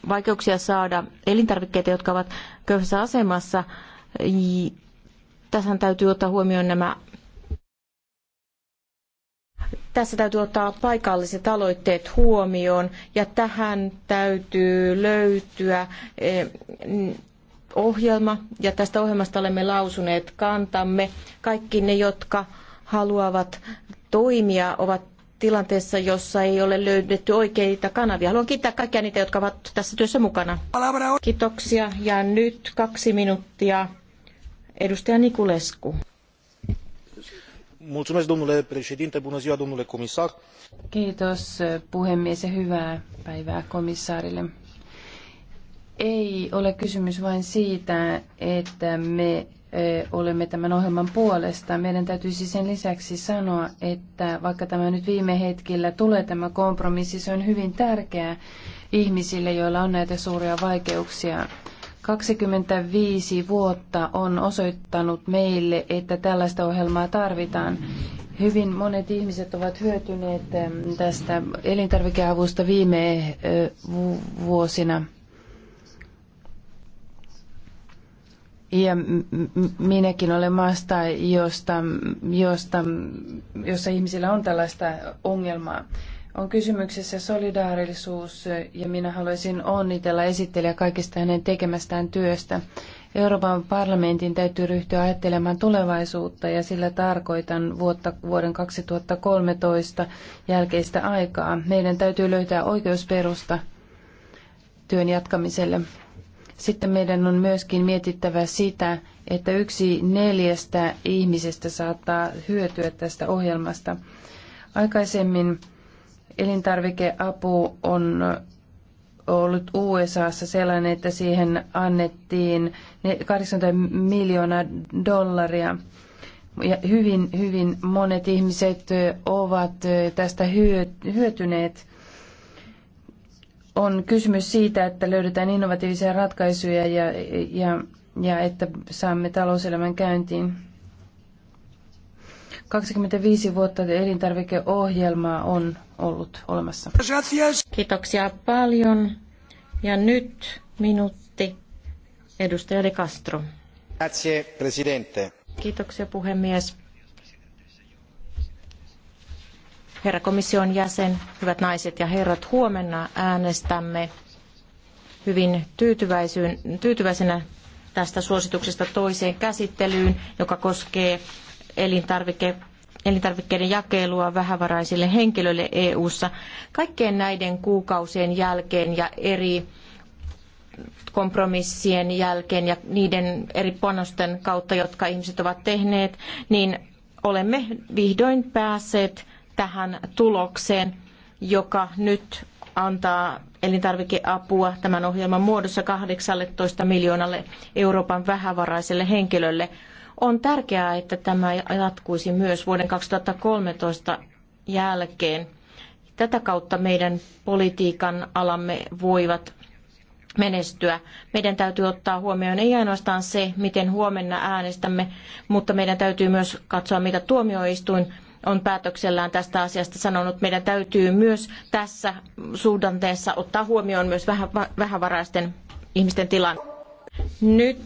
Speaker 1: vaikeuksia saada elintarvikkeita, jotka ovat köyhässä asemassa. Tässä täytyy ottaa huomioon nämä tässä täytyy ottaa paikalliset aloitteet huomioon ja tähän täytyy löytyä eh, ohjelma ja tästä ohjelmasta olemme lausuneet kantamme. Kaikki ne, jotka haluavat toimia, ovat tilanteessa, jossa ei ole löydetty oikeita kanavia. Haluan kiittää kaikkia niitä, jotka ovat tässä työssä mukana. Kiitoksia ja nyt kaksi minuuttia. Edustaja
Speaker 3: Nikulescu.
Speaker 2: Mulțumesc, domnule președinte, bună ziua, domnule comisar.
Speaker 3: Kiitos puhemies ja hyvää päivää komissaarille ei ole kysymys vain siitä, että me olemme tämän ohjelman puolesta. Meidän täytyisi sen lisäksi sanoa, että vaikka tämä nyt viime hetkellä tulee tämä kompromissi, se on hyvin tärkeää ihmisille, joilla on näitä suuria vaikeuksia. 25 vuotta on osoittanut meille, että tällaista ohjelmaa tarvitaan. Hyvin monet ihmiset ovat hyötyneet tästä elintarvikeavusta viime vuosina. Ja minäkin olen maasta, josta, josta, jossa ihmisillä on tällaista ongelmaa. On kysymyksessä solidaarisuus ja minä haluaisin onnitella esittelijä kaikista hänen tekemästään työstä. Euroopan parlamentin täytyy ryhtyä ajattelemaan tulevaisuutta ja sillä tarkoitan vuotta, vuoden 2013 jälkeistä aikaa. Meidän täytyy löytää oikeusperusta työn jatkamiselle. Sitten meidän on myöskin mietittävä sitä, että yksi neljästä ihmisestä saattaa hyötyä tästä ohjelmasta. Aikaisemmin elintarvikeapu on ollut USAssa sellainen, että siihen annettiin 80 miljoonaa dollaria. Ja hyvin, hyvin monet ihmiset ovat tästä hyötyneet on kysymys siitä, että löydetään innovatiivisia ratkaisuja ja, ja, ja että saamme talouselämän käyntiin. 25 vuotta elintarvikeohjelmaa on ollut olemassa.
Speaker 1: Kiitoksia paljon. Ja nyt minuutti edustaja De Castro.
Speaker 2: Grazie,
Speaker 1: Kiitoksia puhemies. Herra komission jäsen, hyvät naiset ja herrat, huomenna äänestämme hyvin tyytyväisenä tästä suosituksesta toiseen käsittelyyn, joka koskee elintarvike, elintarvikkeiden jakelua vähävaraisille henkilöille EU-ssa. Kaikkien näiden kuukausien jälkeen ja eri kompromissien jälkeen ja niiden eri panosten kautta, jotka ihmiset ovat tehneet, niin olemme vihdoin päässeet tähän tulokseen, joka nyt antaa elintarvikeapua tämän ohjelman muodossa 18 miljoonalle Euroopan vähävaraiselle henkilölle. On tärkeää, että tämä jatkuisi myös vuoden 2013 jälkeen. Tätä kautta meidän politiikan alamme voivat menestyä. Meidän täytyy ottaa huomioon ei ainoastaan se, miten huomenna äänestämme, mutta meidän täytyy myös katsoa, mitä tuomioistuin on päätöksellään tästä asiasta sanonut, meidän täytyy myös tässä suhdanteessa ottaa huomioon myös vähävaraisten ihmisten tilanne. Nyt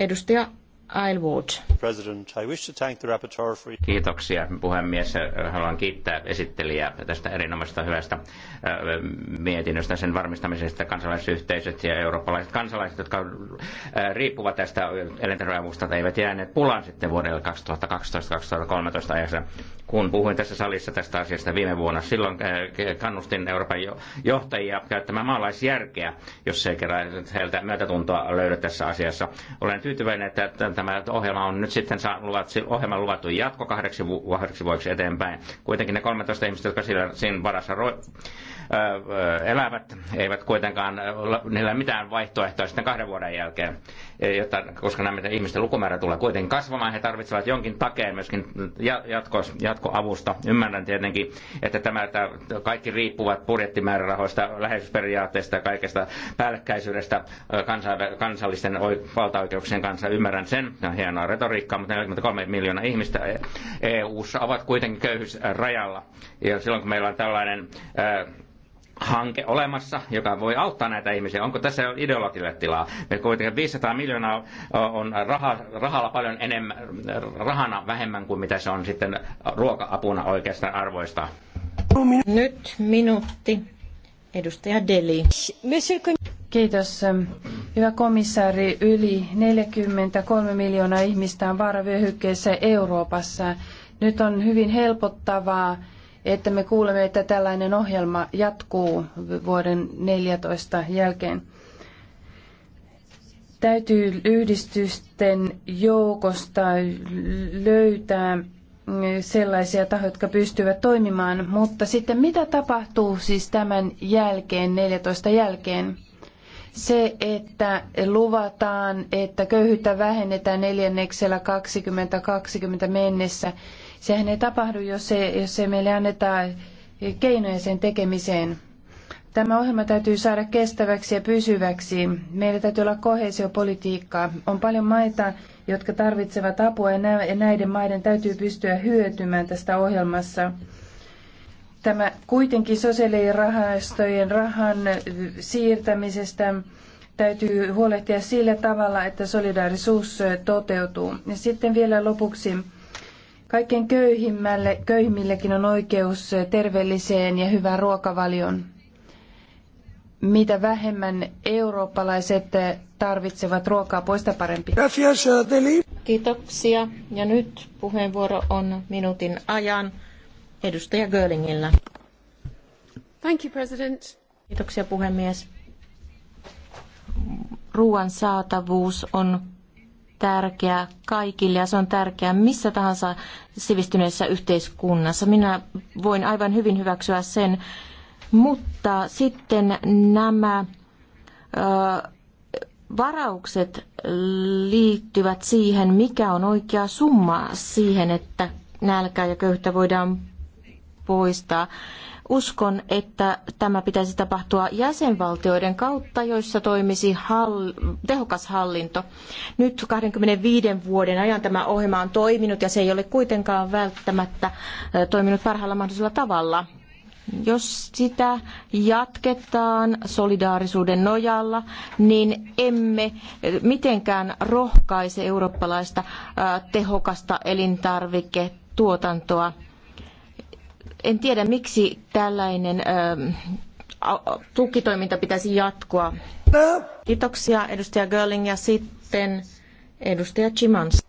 Speaker 1: edustaja Aylwood.
Speaker 4: Kiitoksia puhemies. Haluan kiittää esittelijää tästä erinomaisesta hyvästä mietinnöstä sen varmistamisesta, että kansalaisyhteisöt ja eurooppalaiset kansalaiset, jotka riippuvat tästä elintarvikeavusta, eivät jääneet pulaan sitten vuodelle 2012-2013 ajassa. Kun puhuin tässä salissa tästä asiasta viime vuonna, silloin kannustin Euroopan johtajia käyttämään maalaisjärkeä, jos ei kerran heiltä myötätuntoa löydä tässä asiassa. Olen tyytyväinen, että tämä ohjelma on nyt sitten luvat, ohjelman luvattu jatko kahdeksi, vuodeksi eteenpäin. Kuitenkin ne 13 ihmistä, jotka siinä, siinä varassa ro- elävät, eivät kuitenkaan, niillä mitään vaihtoehtoa sitten kahden vuoden jälkeen, e, jotta, koska nämä ihmisten lukumäärä tulee kuitenkin kasvamaan, he tarvitsevat jonkin takeen myöskin jatko, jatkoavusta. Ymmärrän tietenkin, että tämä, tämä kaikki riippuvat budjettimäärärahoista, läheisyysperiaatteista ja kaikesta päällekkäisyydestä kansallisten valtaoikeuksien kanssa. Ymmärrän sen, ja hienoa retoriikkaa, mutta 43 miljoonaa ihmistä EU-ssa e ovat kuitenkin köyhyysrajalla. Ja silloin kun meillä on tällainen hanke olemassa, joka voi auttaa näitä ihmisiä. Onko tässä ideologille tilaa? Me kuitenkin 500 miljoonaa on raha, rahalla paljon enemmän, rahana vähemmän kuin mitä se on sitten ruoka-apuna oikeastaan arvoista.
Speaker 3: Nyt minuutti. Edustaja Deli. Kiitos. Hyvä komissaari, yli 43 miljoonaa ihmistä on vaaravyöhykkeessä Euroopassa. Nyt on hyvin helpottavaa että me kuulemme, että tällainen ohjelma jatkuu vuoden 14 jälkeen. Täytyy yhdistysten joukosta löytää sellaisia tahoja, jotka pystyvät toimimaan, mutta sitten mitä tapahtuu siis tämän jälkeen, 14 jälkeen? se, että luvataan, että köyhyyttä vähennetään neljänneksellä 2020 mennessä, Sehän ei tapahdu, jos se, jos se meille annetaan keinoja sen tekemiseen. Tämä ohjelma täytyy saada kestäväksi ja pysyväksi. Meillä täytyy olla kohesiopolitiikkaa. On paljon maita, jotka tarvitsevat apua ja näiden maiden täytyy pystyä hyötymään tästä ohjelmassa. Tämä kuitenkin sosiaalirahastojen rahan siirtämisestä täytyy huolehtia sillä tavalla, että solidaarisuus toteutuu. Ja sitten vielä lopuksi Kaikkein köyhimmälle, köyhimmillekin on oikeus terveelliseen ja hyvään ruokavalion. Mitä vähemmän eurooppalaiset tarvitsevat ruokaa, poista parempi.
Speaker 1: Kiitoksia. Ja nyt puheenvuoro on minuutin ajan edustaja Görlingillä. Thank you, President. Kiitoksia puhemies. Ruoan saatavuus on tärkeä kaikille ja se on tärkeä missä tahansa sivistyneessä yhteiskunnassa. Minä voin aivan hyvin hyväksyä sen, mutta sitten nämä ö, varaukset liittyvät siihen, mikä on oikea summa siihen, että nälkää ja köyhtä voidaan poistaa. Uskon, että tämä pitäisi tapahtua jäsenvaltioiden kautta, joissa toimisi hall, tehokas hallinto. Nyt 25 vuoden ajan tämä ohjelma on toiminut ja se ei ole kuitenkaan välttämättä toiminut parhaalla mahdollisella tavalla. Jos sitä jatketaan solidaarisuuden nojalla, niin emme mitenkään rohkaise eurooppalaista tehokasta elintarviketuotantoa en tiedä, miksi tällainen tukkitoiminta pitäisi jatkua. Kiitoksia edustaja Görling ja sitten edustaja Chimans.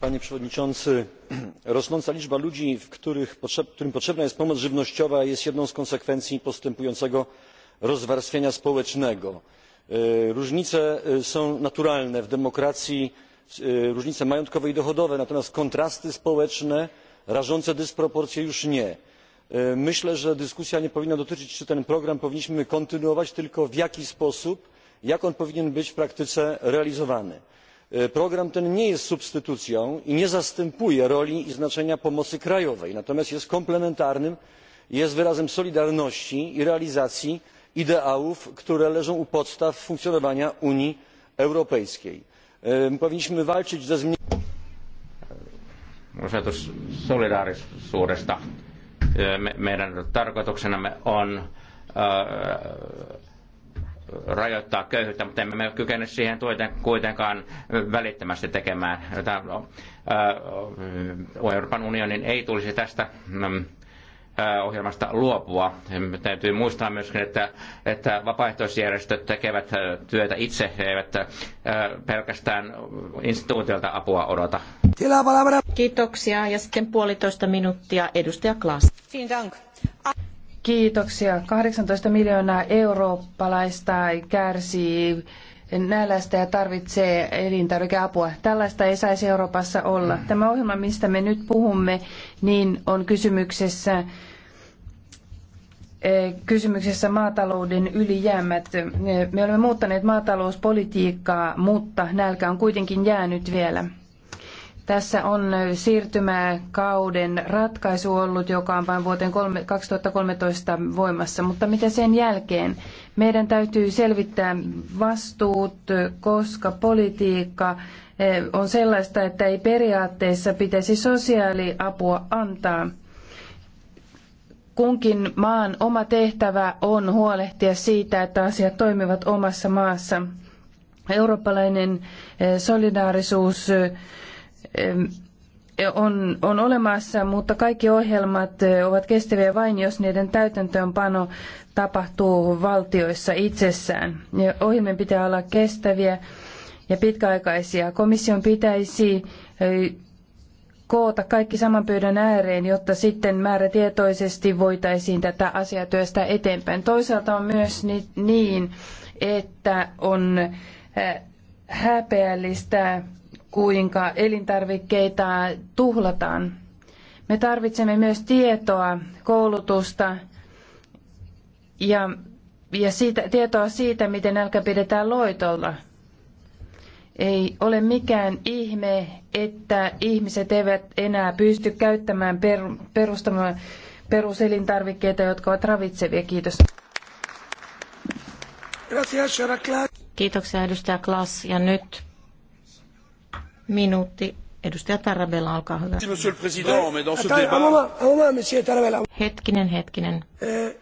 Speaker 2: Panie przewodniczący, rosnąca liczba ludzi, którym potrzebna jest pomoc żywnościowa jest jedną z konsekwencji postępującego rozwarstwienia społecznego. E, różnice e, są naturalne w demokracji, e, różnice majątkowe i dochodowe, natomiast kontrasty społeczne rażące dysproporcje już nie. E, myślę że dyskusja nie powinna dotyczyć czy ten program powinniśmy kontynuować tylko w jaki sposób jak on powinien być w praktyce realizowany. E, program ten nie jest substytucją i nie zastępuje roli i znaczenia pomocy krajowej natomiast jest komplementarny jest wyrazem solidarności i realizacji ideałów które leżą u podstaw funkcjonowania unii europejskiej. E, powinniśmy walczyć ze
Speaker 4: osoitus solidaarisuudesta. Meidän tarkoituksenamme on rajoittaa köyhyyttä, mutta emme me kykene siihen kuitenkaan välittömästi tekemään. tämä Euroopan unionin ei tulisi tästä mm, ohjelmasta luopua. Täytyy muistaa myöskin, että, että vapaaehtoisjärjestöt tekevät äh, työtä itse, eivät äh, pelkästään instituutiolta apua odota.
Speaker 1: Kiitoksia ja sitten puolitoista minuuttia edustaja Klaas.
Speaker 3: Kiitoksia. 18 miljoonaa eurooppalaista kärsii ja tarvitsee elintarvikeapua. Tällaista ei saisi Euroopassa olla. Tämä ohjelma, mistä me nyt puhumme, niin on kysymyksessä eh, kysymyksessä maatalouden ylijäämät. Eh, me olemme muuttaneet maatalouspolitiikkaa, mutta nälkä on kuitenkin jäänyt vielä. Tässä on siirtymäkauden ratkaisu ollut, joka on vain vuoteen 2013 voimassa, mutta mitä sen jälkeen? Meidän täytyy selvittää vastuut, koska politiikka eh, on sellaista, että ei periaatteessa pitäisi sosiaaliapua antaa. Kunkin maan oma tehtävä on huolehtia siitä, että asiat toimivat omassa maassa. Eurooppalainen eh, solidaarisuus eh, on, on olemassa, mutta kaikki ohjelmat eh, ovat kestäviä vain, jos niiden täytäntöönpano tapahtuu valtioissa itsessään. ohjelmien pitää olla kestäviä ja pitkäaikaisia. Komission pitäisi eh, koota kaikki saman pöydän ääreen, jotta sitten määrätietoisesti voitaisiin tätä asiaa työstää eteenpäin. Toisaalta on myös niin, että on eh, häpeällistä kuinka elintarvikkeita tuhlataan. Me tarvitsemme myös tietoa, koulutusta ja, ja siitä, tietoa siitä, miten nälkä pidetään loitolla. Ei ole mikään ihme, että ihmiset eivät enää pysty käyttämään per, perustamaan peruselintarvikkeita, jotka ovat ravitsevia. Kiitos. Kiitoksia edustaja Klaas. Ja nyt Minuutti.
Speaker 1: Edustaja Tarabella, olkaa hyvä. Monsieur
Speaker 2: le Président, mais dans ce
Speaker 1: débat... Hetkinen, hetkinen.
Speaker 2: Euh,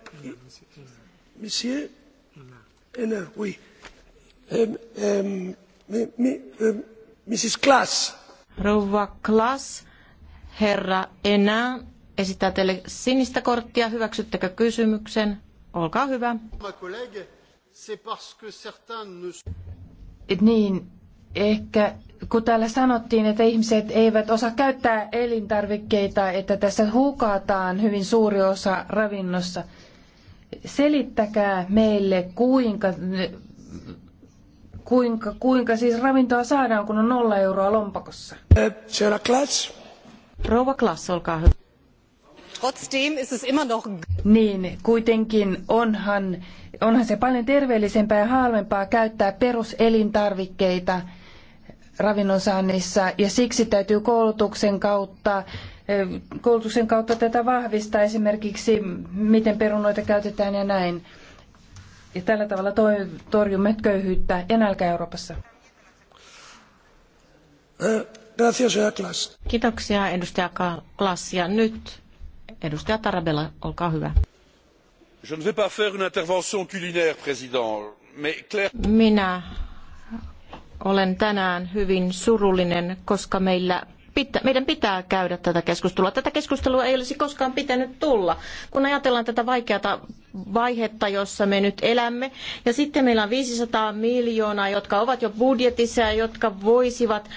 Speaker 2: monsieur, Enää, oui. Euh, euh, Mrs. Klaas.
Speaker 1: Rouva Klaas, herra Enää esittää teille sinistä korttia. Hyväksyttekö kysymyksen? Olkaa hyvä.
Speaker 3: Niin, ehkä kun täällä sanottiin, että ihmiset eivät osaa käyttää elintarvikkeita, että tässä hukataan hyvin suuri osa ravinnossa. Selittäkää meille, kuinka, kuinka, kuinka siis ravintoa saadaan, kun on nolla euroa lompakossa.
Speaker 1: Eh, Rouva Klass, olkaa hyvä.
Speaker 3: Trotzdem ist es immer noch... Niin, kuitenkin onhan, onhan se paljon terveellisempää ja halvempaa käyttää peruselintarvikkeita – ravinnon ja siksi täytyy koulutuksen kautta koulutuksen kautta tätä vahvistaa esimerkiksi, miten perunoita käytetään ja näin. Ja tällä tavalla toi, torjumme köyhyyttä ja nälkä Euroopassa.
Speaker 1: Kiitoksia edustaja Klas. Ja nyt edustaja Tarabella, olkaa hyvä.
Speaker 2: Je ne vais pas faire une intervention culinaire, président, mais clair...
Speaker 1: Minä olen tänään hyvin surullinen, koska meillä pitä, meidän pitää käydä tätä keskustelua. Tätä keskustelua ei olisi koskaan pitänyt tulla, kun ajatellaan tätä vaikeata vaihetta, jossa me nyt elämme. Ja sitten meillä on 500 miljoonaa, jotka ovat jo budjetissa ja jotka voisivat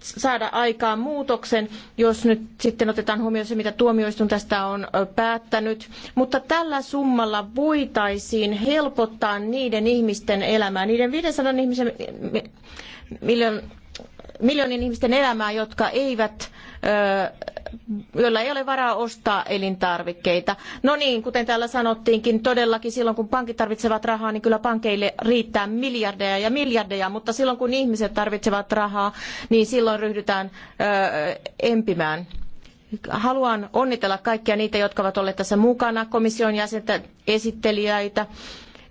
Speaker 1: saada aikaan muutoksen, jos nyt sitten otetaan huomioon se, mitä tuomioistuin tästä on päättänyt. Mutta tällä summalla voitaisiin helpottaa niiden ihmisten elämää, niiden 500 ihmisen miljoonaa miljoonien ihmisten elämää, jotka eivät joilla ei ole varaa ostaa elintarvikkeita. No niin, kuten täällä sanottiinkin, todellakin silloin kun pankit tarvitsevat rahaa, niin kyllä pankeille riittää miljardeja ja miljardeja, mutta silloin kun ihmiset tarvitsevat rahaa, niin silloin ryhdytään empimään haluan onnitella kaikkia niitä, jotka ovat olleet tässä mukana, komission jäsentä, esittelijöitä,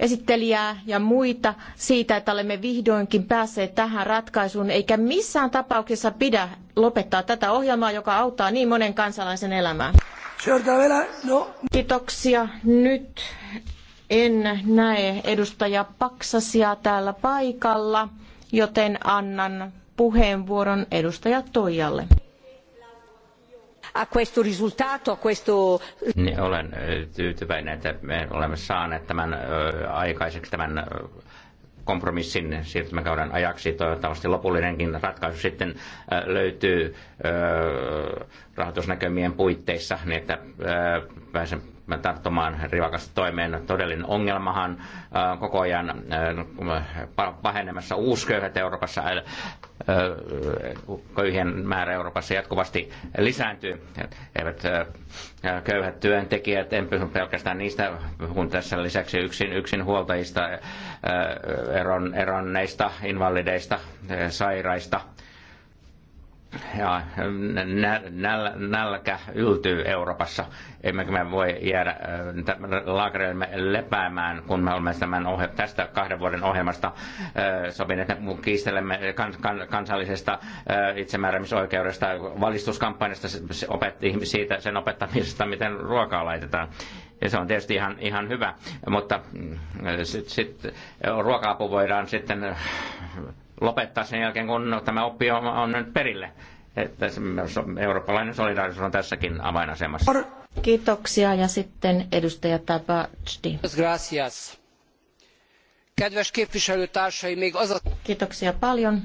Speaker 1: esittelijää ja muita siitä, että olemme vihdoinkin päässeet tähän ratkaisuun, eikä missään tapauksessa pidä lopettaa tätä ohjelmaa, joka auttaa niin monen kansalaisen elämää. No. Kiitoksia. Nyt en näe edustaja Paksasia täällä paikalla, joten annan puheenvuoron edustaja Toijalle a questo risultato, a questo... Niin, olen
Speaker 4: tyytyväinen, että me olemme saaneet tämän aikaiseksi tämän kompromissin siirtymäkauden ajaksi. Toivottavasti lopullinenkin ratkaisu sitten löytyy rahoitusnäkömien puitteissa, niin että pääsen tarttumaan rivakasta toimeen. Todellinen ongelmahan koko ajan pahenemassa uusköyhät Euroopassa, köyhien määrä Euroopassa jatkuvasti lisääntyy. Eivät köyhät työntekijät, en puhu pelkästään niistä, kun tässä lisäksi yksin, yksin huoltajista, eron, eronneista, invalideista, sairaista – ja näl, nälkä yltyy Euroopassa. Emmekä me voi jäädä äh, laakereille lepäämään, kun me olemme tämän ohje- tästä kahden vuoden ohjelmasta äh, sopineet, kun kiistelemme kans- kan, kansallisesta äh, itsemääräämisoikeudesta, valistuskampanjasta, opet- siitä, sen opettamisesta, miten ruokaa laitetaan. Ja se on tietysti ihan, ihan hyvä, mutta mm, sitten sit, ruoka-apu voidaan sitten lopettaa sen jälkeen, kun tämä oppi on, on nyt perille. Että eurooppalainen solidaarisuus on tässäkin avainasemassa.
Speaker 1: Kiitoksia ja sitten edustaja Tabajdi. Kiitoksia paljon.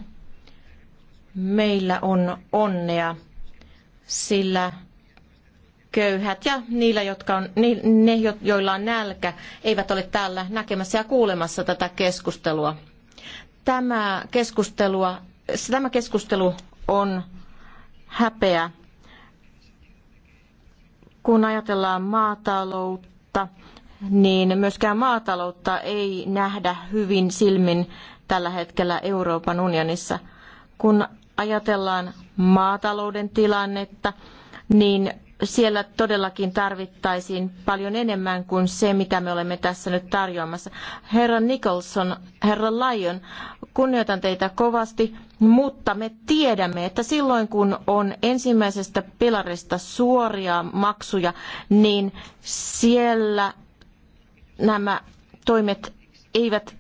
Speaker 1: Meillä on onnea, sillä köyhät ja niillä, jotka on, ne, joilla on nälkä, eivät ole täällä näkemässä ja kuulemassa tätä keskustelua Tämä, keskustelua, tämä keskustelu on häpeä. Kun ajatellaan maataloutta, niin myöskään maataloutta ei nähdä hyvin silmin tällä hetkellä Euroopan unionissa. Kun ajatellaan maatalouden tilannetta, niin siellä todellakin tarvittaisiin paljon enemmän kuin se, mitä me olemme tässä nyt tarjoamassa. Herra Nicholson, herra Lyon, kunnioitan teitä kovasti, mutta me tiedämme, että silloin kun on ensimmäisestä pilarista suoria maksuja, niin siellä nämä toimet eivät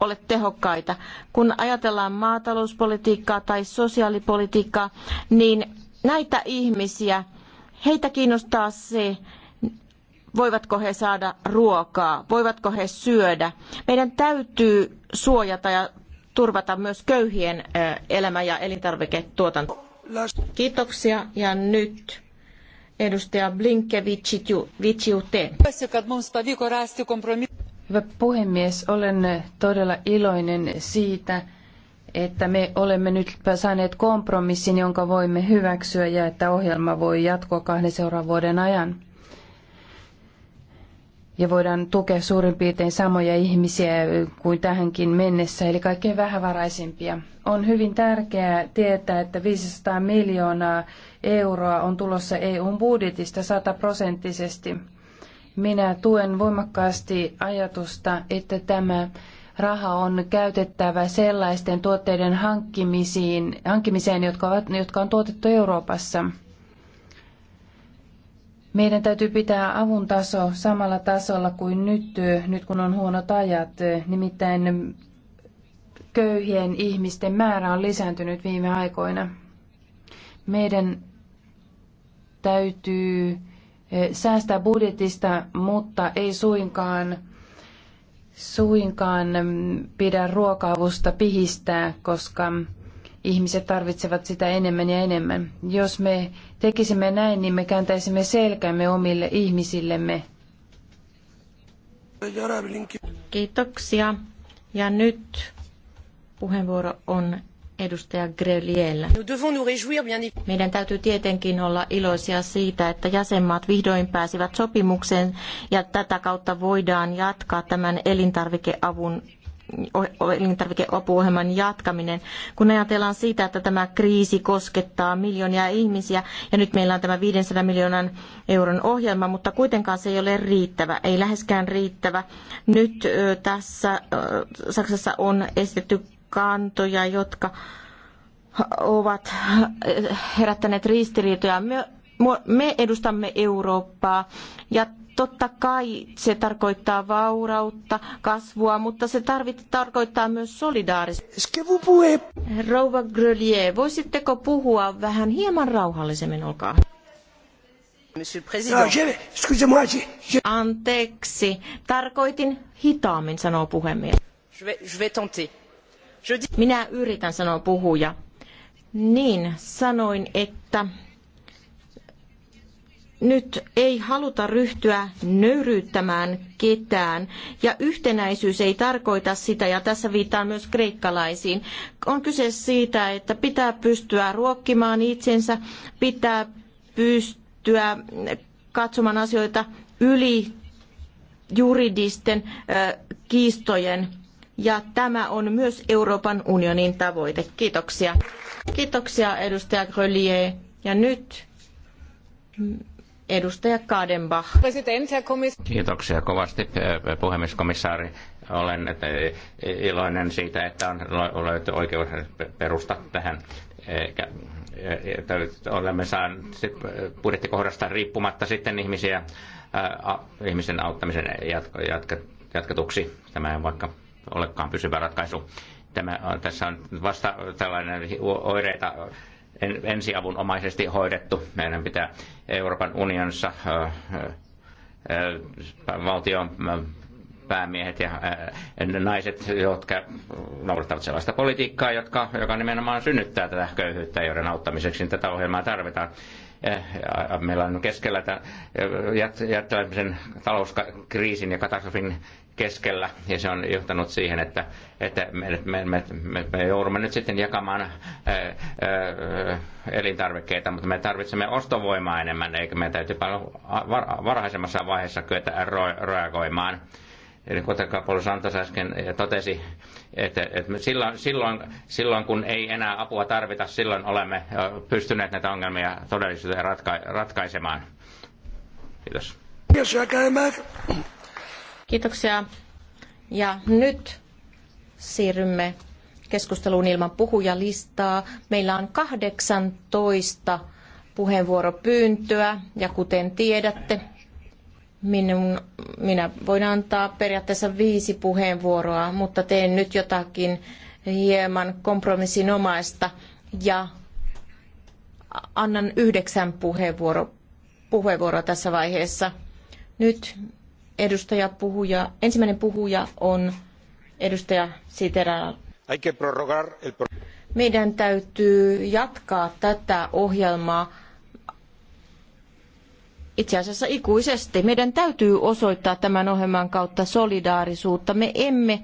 Speaker 1: ole tehokkaita. Kun ajatellaan maatalouspolitiikkaa tai sosiaalipolitiikkaa, niin näitä ihmisiä, heitä kiinnostaa se, voivatko he saada ruokaa, voivatko he syödä. Meidän täytyy suojata ja turvata myös köyhien elämä ja elintarviketuotanto. Kiitoksia ja nyt edustaja
Speaker 3: Blinkevichiute. Hyvä puhemies, olen todella iloinen siitä, että me olemme nyt saaneet kompromissin, jonka voimme hyväksyä ja että ohjelma voi jatkua kahden seuraavan vuoden ajan. Ja voidaan tukea suurin piirtein samoja ihmisiä kuin tähänkin mennessä, eli kaikkein vähävaraisimpia. On hyvin tärkeää tietää, että 500 miljoonaa euroa on tulossa EUn budjetista sataprosenttisesti. Minä tuen voimakkaasti ajatusta, että tämä raha on käytettävä sellaisten tuotteiden hankkimisiin, hankkimiseen, jotka, ovat, jotka on tuotettu Euroopassa. Meidän täytyy pitää avun taso samalla tasolla kuin nyt, nyt kun on huonot ajat. Nimittäin köyhien ihmisten määrä on lisääntynyt viime aikoina. Meidän täytyy eh, säästää budjetista, mutta ei suinkaan suinkaan pidä ruokaavusta pihistää, koska ihmiset tarvitsevat sitä enemmän ja enemmän. Jos me tekisimme näin, niin me kääntäisimme selkämme omille ihmisillemme. Kiitoksia.
Speaker 1: Ja nyt puheenvuoro on Edustaja Greliel. Meidän täytyy tietenkin olla iloisia siitä, että jäsenmaat vihdoin pääsivät sopimukseen ja tätä kautta voidaan jatkaa tämän elintarvikeavun elintarvikeapuohjelman jatkaminen. Kun ajatellaan sitä, että tämä kriisi koskettaa miljoonia ihmisiä ja nyt meillä on tämä 500 miljoonan euron ohjelma, mutta kuitenkaan se ei ole riittävä, ei läheskään riittävä. Nyt tässä Saksassa on esitetty kantoja, jotka ovat herättäneet ristiriitoja. Me, edustamme Eurooppaa ja totta kai se tarkoittaa vaurautta, kasvua, mutta se tarvit, tarkoittaa myös solidaarisuutta. Rouva Grelier, voisitteko puhua vähän hieman rauhallisemmin, olkaa ah, Anteeksi, tarkoitin hitaammin, sanoo puhemies. Je vais, je vais minä yritän sanoa puhuja. Niin, sanoin, että nyt ei haluta ryhtyä nöyryyttämään ketään. Ja yhtenäisyys ei tarkoita sitä, ja tässä viittaan myös kreikkalaisiin. On kyse siitä, että pitää pystyä ruokkimaan itsensä, pitää pystyä katsomaan asioita yli juridisten kiistojen ja tämä on myös Euroopan unionin tavoite. Kiitoksia. Kiitoksia edustaja Grelier. Ja nyt edustaja Kadenbach.
Speaker 4: Kiitoksia kovasti puhemieskomissaari. Olen e, iloinen siitä, että on löyty oikeus perusta tähän e, olemme saaneet budjettikohdasta riippumatta sitten ihmisiä, ihmisen auttamisen jatketuksi. Tämä on vaikka olekaan pysyvä ratkaisu. Tämä, äh, tässä on vasta tällainen oireita ensiavunomaisesti hoidettu. Meidän pitää Euroopan unionissa äh, äh, valtion päämiehet ja naiset, jotka noudattavat sellaista politiikkaa, jotka, joka nimenomaan synnyttää tätä köyhyyttä, joiden auttamiseksi tätä ohjelmaa tarvitaan. Meillä on keskellä jättämisen talouskriisin ja katastrofin keskellä ja se on johtanut siihen, että, että me, me, me, me, me joudumme nyt sitten jakamaan ää, ää, elintarvikkeita, mutta me tarvitsemme ostovoimaa enemmän, eikä meidän täytyy paljon varhaisemmassa vaiheessa kyetä reagoimaan. Eli kuten Kapolus Santos äsken totesi, että, että silloin, silloin, silloin kun ei enää apua tarvita, silloin olemme pystyneet näitä ongelmia todellisuuteen ratka- ratkaisemaan. Kiitos.
Speaker 2: Kiitos,
Speaker 1: Kiitoksia. Ja nyt siirrymme keskusteluun ilman puhujalistaa. Meillä on 18 puheenvuoropyyntöä ja kuten tiedätte, minun, minä voin antaa periaatteessa viisi puheenvuoroa, mutta teen nyt jotakin hieman kompromissinomaista ja annan yhdeksän puheenvuoro, puheenvuoroa tässä vaiheessa. Nyt Edustaja puhuja, ensimmäinen puhuja on edustaja Sitera. Meidän täytyy jatkaa tätä ohjelmaa itse asiassa ikuisesti. Meidän täytyy osoittaa tämän ohjelman kautta solidaarisuutta. Me emme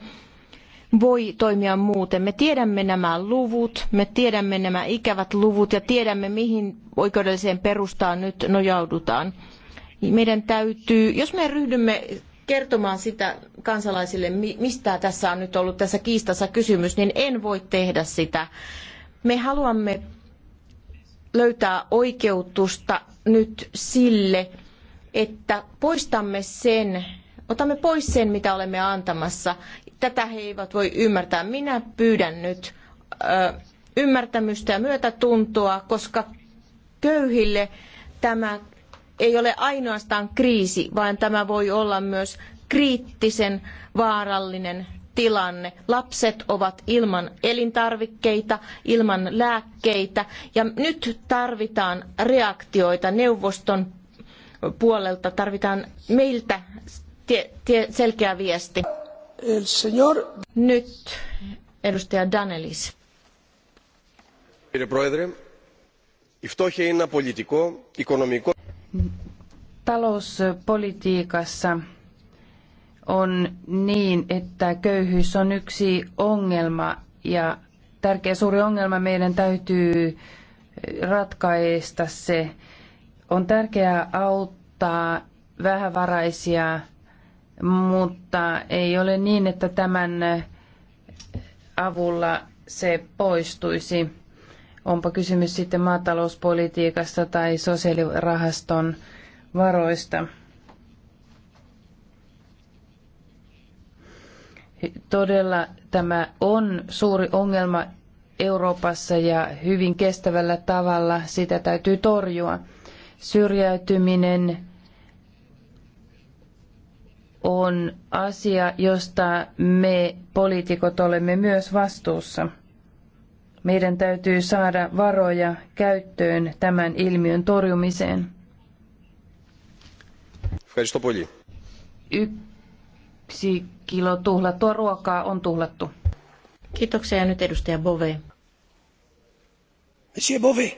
Speaker 1: voi toimia muuten. Me tiedämme nämä luvut, me tiedämme nämä ikävät luvut ja tiedämme, mihin oikeudelliseen perustaan nyt nojaudutaan. Meidän täytyy, jos me ryhdymme kertomaan sitä kansalaisille, mistä tässä on nyt ollut tässä kiistassa kysymys, niin en voi tehdä sitä. Me haluamme löytää oikeutusta nyt sille, että poistamme sen, otamme pois sen, mitä olemme antamassa. Tätä he eivät voi ymmärtää. Minä pyydän nyt ö, ymmärtämystä ja myötätuntoa, koska köyhille tämä ei ole ainoastaan kriisi, vaan tämä voi olla myös kriittisen vaarallinen tilanne. Lapset ovat ilman elintarvikkeita, ilman lääkkeitä ja nyt tarvitaan reaktioita neuvoston puolelta, tarvitaan meiltä tie, tie, selkeä viesti. Señor... Nyt edustaja Danelis.
Speaker 2: Κύριε Πρόεδρε, η φτώχεια είναι ένα πολιτικό, οικονομικό
Speaker 3: Talouspolitiikassa on niin, että köyhyys on yksi ongelma ja tärkeä suuri ongelma meidän täytyy ratkaista se. On tärkeää auttaa vähävaraisia, mutta ei ole niin, että tämän avulla se poistuisi onpa kysymys sitten maatalouspolitiikasta tai sosiaalirahaston varoista. Todella tämä on suuri ongelma Euroopassa ja hyvin kestävällä tavalla sitä täytyy torjua. Syrjäytyminen on asia, josta me poliitikot olemme myös vastuussa. Meidän täytyy saada varoja käyttöön tämän ilmiön torjumiseen. Yksi kilo tuhlattua ruokaa on
Speaker 1: tuhlattu. Kiitoksia ja nyt edustaja Bove. Monsieur Bove.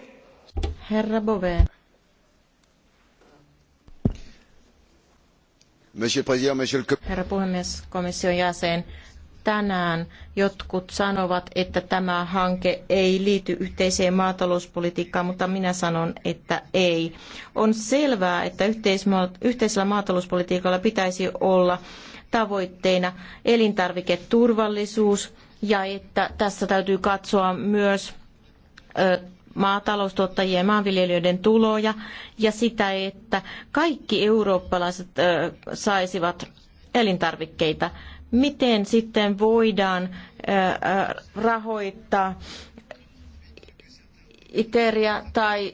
Speaker 1: Herra Bove.
Speaker 4: Monsieur le Président, Monsieur le Herra
Speaker 1: puhemies, komission jäsen, tänään jotkut sanovat, että tämä hanke ei liity yhteiseen maatalouspolitiikkaan, mutta minä sanon, että ei. On selvää, että yhteisellä maatalouspolitiikalla pitäisi olla tavoitteina elintarviketurvallisuus ja että tässä täytyy katsoa myös maataloustuottajien ja maanviljelijöiden tuloja ja sitä, että kaikki eurooppalaiset saisivat elintarvikkeita miten sitten voidaan rahoittaa Iteria tai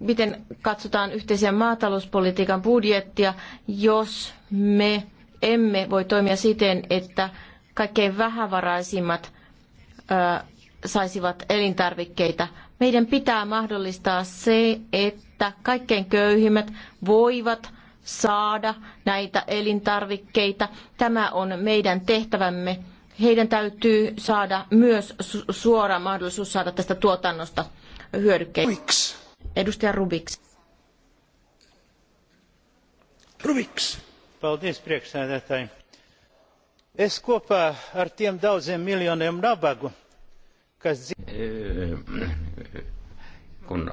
Speaker 1: miten katsotaan yhteisen maatalouspolitiikan budjettia, jos me emme voi toimia siten, että kaikkein vähävaraisimmat saisivat elintarvikkeita. Meidän pitää mahdollistaa se, että kaikkein köyhimmät voivat saada näitä elintarvikkeita. Tämä on meidän tehtävämme. Heidän täytyy saada myös suora mahdollisuus saada tästä tuotannosta hyödykkeitä. Rubiks. Edustaja Rubiks.
Speaker 4: Rubiks. Paldies, priekšsēdētāji. Es kopā ar tiem daudziem miljoniem nabagu, kas kun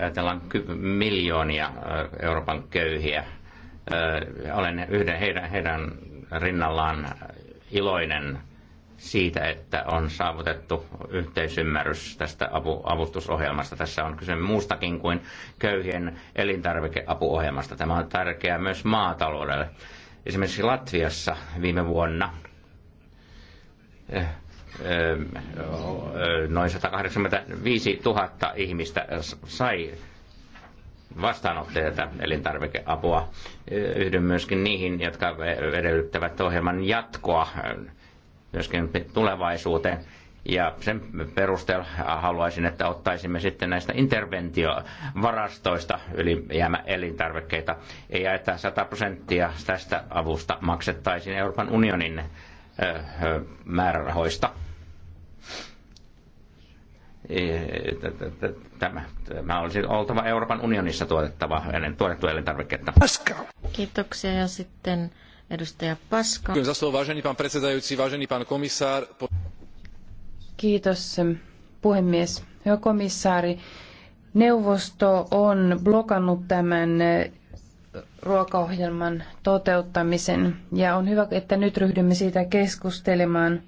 Speaker 4: ajatellaan miljoonia Euroopan köyhiä, olen yhden heidän, heidän rinnallaan iloinen siitä, että on saavutettu yhteisymmärrys tästä apu, avustusohjelmasta. Tässä on kyse muustakin kuin köyhien elintarvikeapuohjelmasta. Tämä on tärkeää myös maataloudelle. Esimerkiksi Latviassa viime vuonna noin 185 000 ihmistä sai vastaanottajilta elintarvikeapua. Yhdyn myöskin niihin, jotka edellyttävät ohjelman jatkoa myöskin tulevaisuuteen. Ja sen perusteella haluaisin, että ottaisimme sitten näistä interventiovarastoista ylijäämä elintarvikkeita. Ei että 100 prosenttia tästä avusta maksettaisiin Euroopan unionin määrärahoista tämä, tämä olisi oltava Euroopan unionissa tuotettava tuotettu elintarviketta. Paska.
Speaker 3: Kiitoksia ja sitten edustaja Paska. Kyllä
Speaker 2: slovo, vážený pán predsedajúci, vážený pán komisár.
Speaker 3: Kiitos puhemies. Hyvä komissaari, neuvosto on blokannut tämän ruokaohjelman toteuttamisen ja on hyvä, että nyt ryhdymme siitä keskustelemaan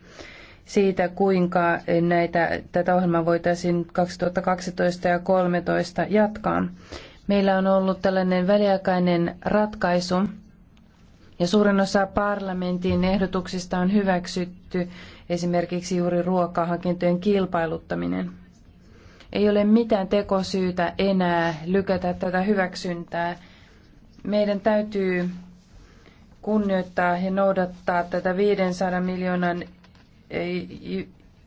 Speaker 3: siitä, kuinka näitä, tätä ohjelmaa voitaisiin 2012 ja 2013 jatkaa. Meillä on ollut tällainen väliaikainen ratkaisu, ja suurin osa parlamentin ehdotuksista on hyväksytty, esimerkiksi juuri ruokahankintojen kilpailuttaminen. Ei ole mitään tekosyytä enää lykätä tätä hyväksyntää. Meidän täytyy kunnioittaa ja noudattaa tätä 500 miljoonan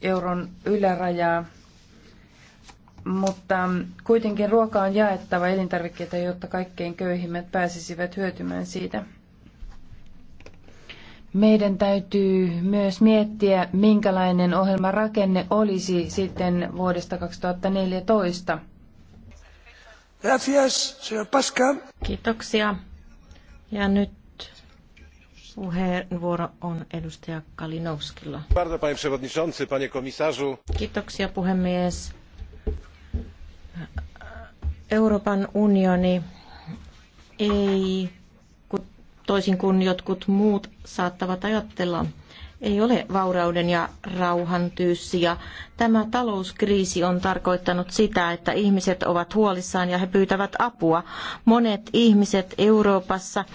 Speaker 3: euron ylärajaa, mutta kuitenkin ruoka on jaettava elintarvikkeita, jotta kaikkein köyhimmät pääsisivät hyötymään siitä. Meidän täytyy myös miettiä, minkälainen ohjelmarakenne olisi sitten vuodesta 2014.
Speaker 1: Gracias, señor Pasca. Kiitoksia. Ja nyt Puheenvuoro on
Speaker 2: panie przewodniczący, panie komisarzu.
Speaker 1: Kiitoksia puhemies. Euroopan unioni ei, toisin kuin jotkut muut saattavat ajatella, ei ole vaurauden ja rauhan tyyssi. Ja tämä talouskriisi on tarkoittanut sitä, että ihmiset ovat huolissaan ja he pyytävät apua. Monet ihmiset Euroopassa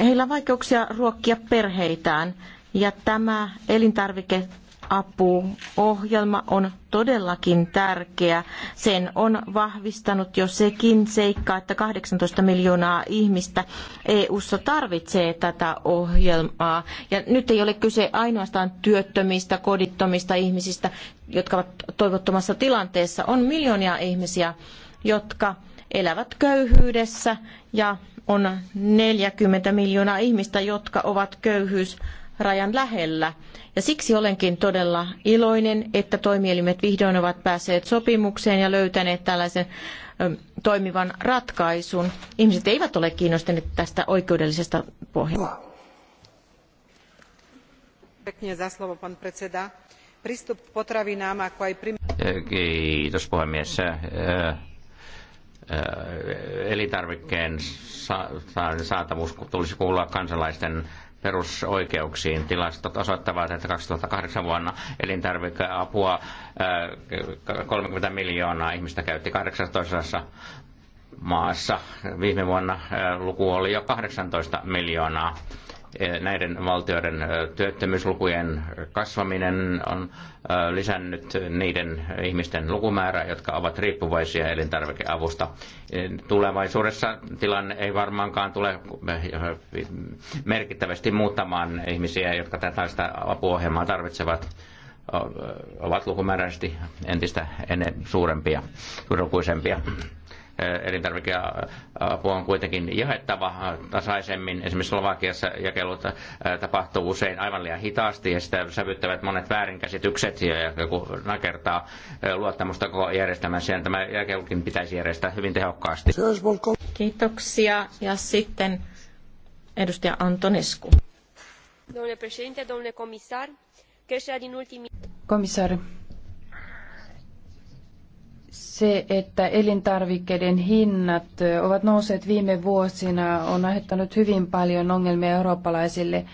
Speaker 1: heillä on vaikeuksia ruokkia perheitään. Ja tämä elintarvikeapuohjelma on todellakin tärkeä. Sen on vahvistanut jo sekin seikka, että 18 miljoonaa ihmistä EU-ssa tarvitsee tätä ohjelmaa. Ja nyt ei ole kyse ainoastaan työttömistä, kodittomista ihmisistä, jotka ovat toivottomassa tilanteessa. On miljoonia ihmisiä, jotka elävät köyhyydessä ja on 40 miljoonaa ihmistä, jotka ovat köyhyysrajan lähellä. Ja siksi olenkin todella iloinen, että toimielimet vihdoin ovat päässeet sopimukseen ja löytäneet tällaisen toimivan ratkaisun. Ihmiset eivät ole kiinnostuneet tästä oikeudellisesta pohjasta. Kiitos
Speaker 4: puhemies Äh, elintarvikkeen saatavuus tulisi kuulua kansalaisten perusoikeuksiin. Tilastot osoittavat, että 2008 vuonna elintarvikeapua 30 äh, miljoonaa ihmistä käytti 18 maassa. Viime vuonna äh, luku oli jo 18 miljoonaa Eh, näiden valtioiden eh, työttömyyslukujen kasvaminen on eh, lisännyt niiden ihmisten lukumäärää, jotka ovat riippuvaisia elintarvikeavusta. Tulevaisuudessa tilanne ei varmaankaan tule merkittävästi muuttamaan ihmisiä, jotka tällaista apuohjelmaa tarvitsevat ovat lukumääräisesti entistä suurempia, suurukuisempia. Elintarvikeapu on kuitenkin jaettava tasaisemmin. Esimerkiksi Slovakiassa jakelut tapahtuu usein aivan liian hitaasti ja sitä sävyttävät monet väärinkäsitykset ja joku nakertaa luottamusta koko järjestelmän siihen. Tämä jakelukin pitäisi järjestää hyvin tehokkaasti.
Speaker 1: Kiitoksia. Ja sitten edustaja Antonescu. Domnule președinte, domnule comisar, creșterea din ultimii...
Speaker 3: Comisar, se, että elintarvikkeiden hinnat ovat nousseet viime vuosina, on aiheuttanut hyvin paljon ongelmia eurooppalaisille.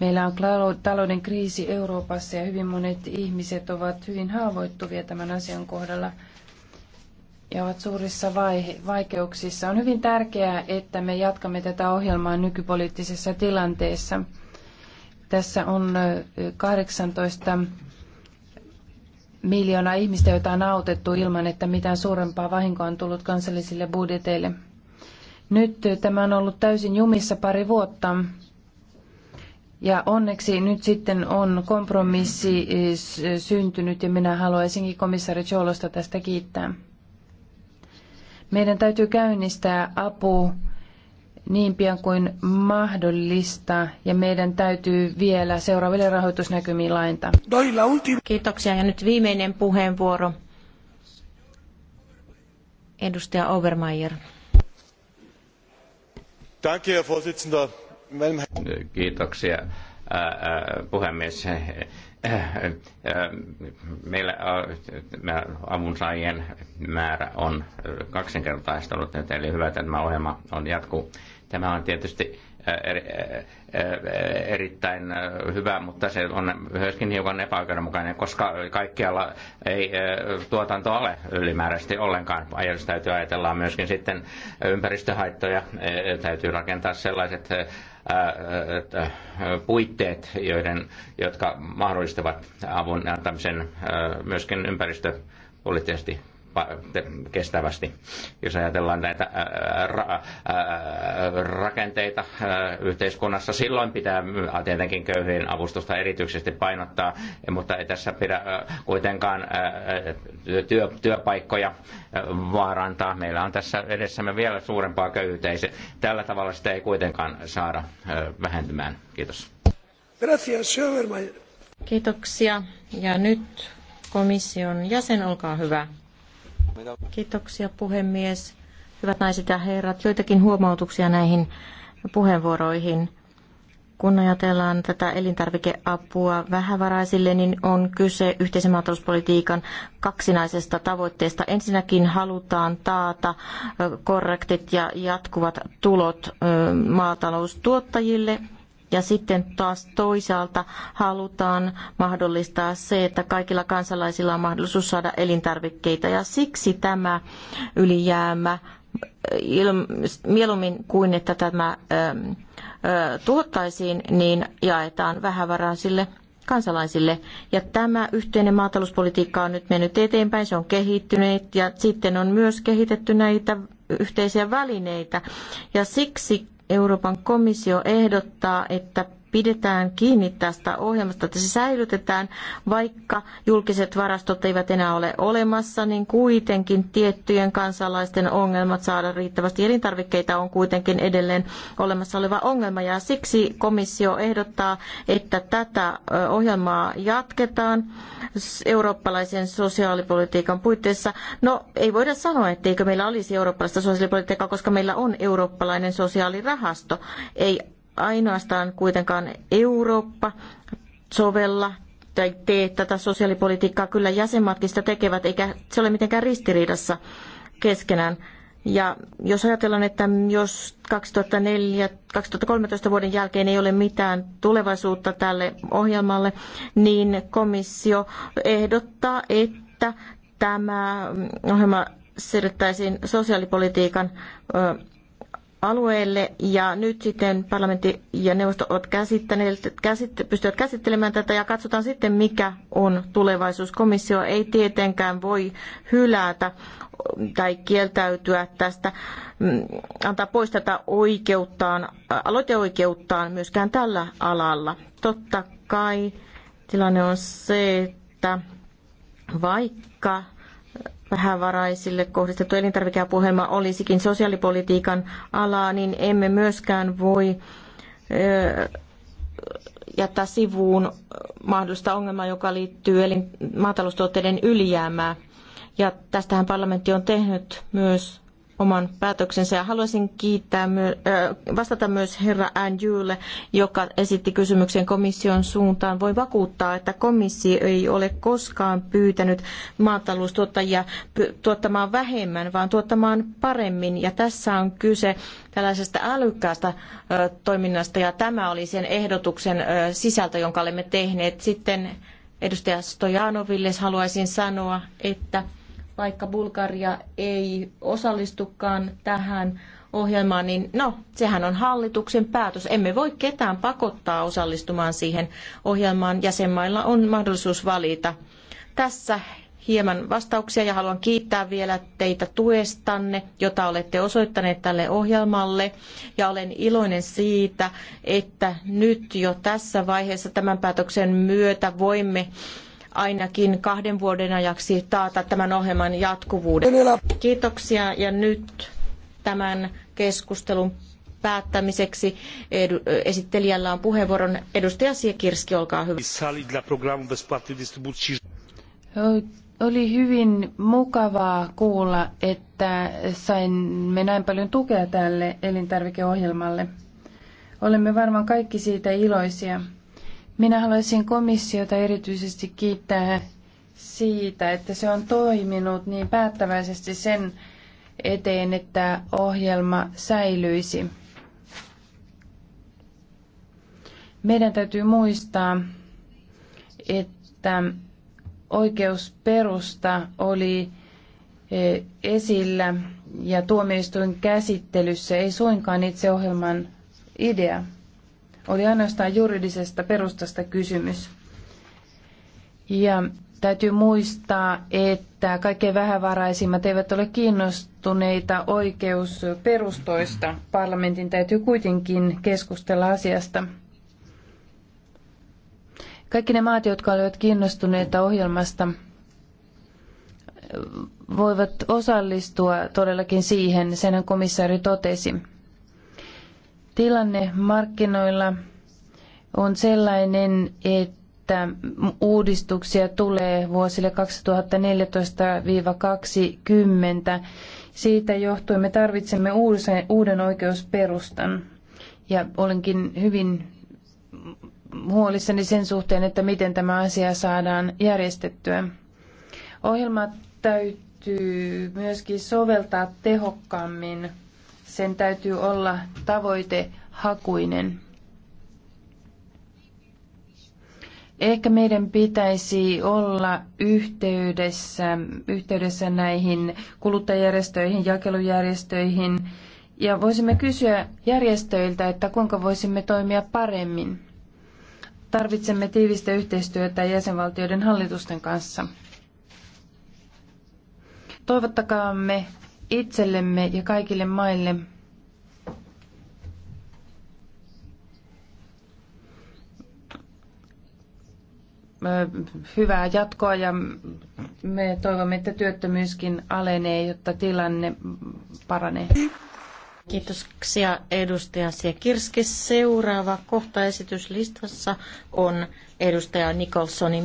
Speaker 3: Meillä on talouden kriisi Euroopassa ja hyvin monet ihmiset ovat hyvin haavoittuvia tämän asian kohdalla ja ovat suurissa vaihe- vaikeuksissa. On hyvin tärkeää, että me jatkamme tätä ohjelmaa nykypoliittisessa tilanteessa. Tässä on 18 miljoonaa ihmistä, joita on autettu ilman, että mitään suurempaa vahinkoa on tullut kansallisille budjeteille. Nyt tämä on ollut täysin jumissa pari vuotta. Ja onneksi nyt sitten on kompromissi eh, syntynyt ja minä haluaisinkin komissaari Cholosta tästä kiittää. Meidän täytyy käynnistää apu niin pian kuin mahdollista ja meidän täytyy vielä seuraaville rahoitusnäkymiin laajentaa. Kiitoksia ja nyt viimeinen puheenvuoro.
Speaker 1: Edustaja Obermeier.
Speaker 4: Kiitoksia puhemies. Meillä avunsaajien määrä on kaksinkertaistunut, eli hyvä, että tämä ohjelma on jatkuu Tämä on tietysti erittäin hyvä, mutta se on myöskin hiukan epäoikeudenmukainen, koska kaikkialla ei tuotanto ole ylimääräisesti ollenkaan. Ajatus täytyy ajatella myöskin sitten ympäristöhaittoja, täytyy rakentaa sellaiset puitteet, joiden, jotka mahdollistavat avun antamisen myöskin ympäristöpoliittisesti kestävästi. Jos ajatellaan näitä ra- rakenteita yhteiskunnassa, silloin pitää tietenkin köyhien avustusta erityisesti painottaa, mutta ei tässä pidä kuitenkaan työ, työpaikkoja vaarantaa. Meillä on tässä edessämme vielä suurempaa köyhyyttä. Tällä tavalla sitä ei kuitenkaan saada vähentymään. Kiitos.
Speaker 1: Kiitoksia. Ja nyt komission jäsen, olkaa hyvä. Kiitoksia puhemies. Hyvät naiset ja herrat, joitakin huomautuksia näihin puheenvuoroihin. Kun ajatellaan tätä elintarvikeapua vähävaraisille, niin on kyse yhteisen maatalouspolitiikan kaksinaisesta tavoitteesta. Ensinnäkin halutaan taata korrektit ja jatkuvat tulot maataloustuottajille ja sitten taas toisaalta halutaan mahdollistaa se, että kaikilla kansalaisilla on mahdollisuus saada elintarvikkeita. Ja siksi tämä ylijäämä mieluummin kuin että tämä ähm, äh, tuottaisiin, niin jaetaan vähävaraisille kansalaisille. Ja tämä yhteinen maatalouspolitiikka on nyt mennyt eteenpäin, se on kehittynyt ja sitten on myös kehitetty näitä yhteisiä välineitä. Ja siksi Euroopan komissio ehdottaa, että pidetään kiinni tästä ohjelmasta, että se säilytetään, vaikka julkiset varastot eivät enää ole olemassa, niin kuitenkin tiettyjen kansalaisten ongelmat saada riittävästi elintarvikkeita on kuitenkin edelleen olemassa oleva ongelma. Ja siksi komissio ehdottaa, että tätä ohjelmaa jatketaan eurooppalaisen sosiaalipolitiikan puitteissa. No, ei voida sanoa, etteikö meillä olisi eurooppalaista sosiaalipolitiikkaa, koska meillä on eurooppalainen sosiaalirahasto. Ei ainoastaan kuitenkaan Eurooppa sovella tai tee tätä sosiaalipolitiikkaa, kyllä jäsenmaatkin sitä tekevät, eikä se ole mitenkään ristiriidassa keskenään. Ja jos ajatellaan, että jos 2004, 2013 vuoden jälkeen ei ole mitään tulevaisuutta tälle ohjelmalle, niin komissio ehdottaa, että tämä ohjelma siirrettäisiin sosiaalipolitiikan alueelle ja nyt sitten parlamentti ja neuvosto ovat käsittäneet, pystyvät käsittelemään tätä ja katsotaan sitten mikä on tulevaisuus. Komissio ei tietenkään voi hylätä tai kieltäytyä tästä, mm, antaa pois tätä oikeuttaan, aloiteoikeuttaan myöskään tällä alalla. Totta kai tilanne on se, että vaikka vähävaraisille kohdistettu elintarvikeapuhelma olisikin sosiaalipolitiikan alaa, niin emme myöskään voi jättää sivuun mahdollista ongelmaa, joka liittyy elin- maataloustuotteiden ylijäämään. Ja tästähän parlamentti on tehnyt myös oman päätöksensä. Ja haluaisin kiittää vastata myös herra Andrewlle, joka esitti kysymyksen komission suuntaan. Voin vakuuttaa, että komissio ei ole koskaan pyytänyt maataloustuottajia tuottamaan vähemmän, vaan tuottamaan paremmin. Ja tässä on kyse tällaisesta älykkäästä toiminnasta, ja tämä oli sen ehdotuksen sisältö, jonka olemme tehneet. Sitten edustaja Stojanoville haluaisin sanoa, että vaikka Bulgaria ei osallistukaan tähän ohjelmaan, niin no, sehän on hallituksen päätös. Emme voi ketään pakottaa osallistumaan siihen ohjelmaan. Jäsenmailla on mahdollisuus valita. Tässä hieman vastauksia ja haluan kiittää vielä teitä tuestanne, jota olette osoittaneet tälle ohjelmalle. Ja olen iloinen siitä, että nyt jo tässä vaiheessa tämän päätöksen myötä voimme ainakin kahden vuoden ajaksi taata tämän ohjelman jatkuvuuden. Kiitoksia ja nyt tämän keskustelun päättämiseksi edu, esittelijällä on puheenvuoron. Edustaja Siekirski, olkaa hyvä.
Speaker 3: Oli hyvin mukavaa kuulla, että saimme näin paljon tukea tälle elintarvikeohjelmalle. Olemme varmaan kaikki siitä iloisia. Minä haluaisin komissiota erityisesti kiittää siitä, että se on toiminut niin päättäväisesti sen eteen, että ohjelma säilyisi. Meidän täytyy muistaa, että oikeusperusta oli e, esillä ja tuomioistuin käsittelyssä ei suinkaan itse ohjelman idea. Oli ainoastaan juridisesta perustasta kysymys. Ja täytyy muistaa, että kaikkein vähävaraisimmat eivät ole kiinnostuneita oikeusperustoista. Parlamentin täytyy kuitenkin keskustella asiasta. Kaikki ne maat, jotka olivat kiinnostuneita ohjelmasta, voivat osallistua todellakin siihen, sen komissaari totesi. Tilanne markkinoilla on sellainen, että uudistuksia tulee vuosille 2014-2020. Siitä johtuen me tarvitsemme uuden oikeusperustan. Ja olenkin hyvin huolissani sen suhteen, että miten tämä asia saadaan järjestettyä. Ohjelmat täytyy myöskin soveltaa tehokkaammin sen täytyy olla tavoitehakuinen. Ehkä meidän pitäisi olla yhteydessä, yhteydessä näihin kuluttajajärjestöihin, jakelujärjestöihin ja voisimme kysyä järjestöiltä, että kuinka voisimme toimia paremmin. Tarvitsemme tiivistä yhteistyötä jäsenvaltioiden hallitusten kanssa. Toivottakaamme itsellemme ja kaikille maille. Hyvää jatkoa ja me toivomme, että työttömyyskin alenee, jotta tilanne paranee. Kiitoksia edustaja
Speaker 1: Siekirski. Seuraava kohta esityslistassa on edustaja Nicholsonin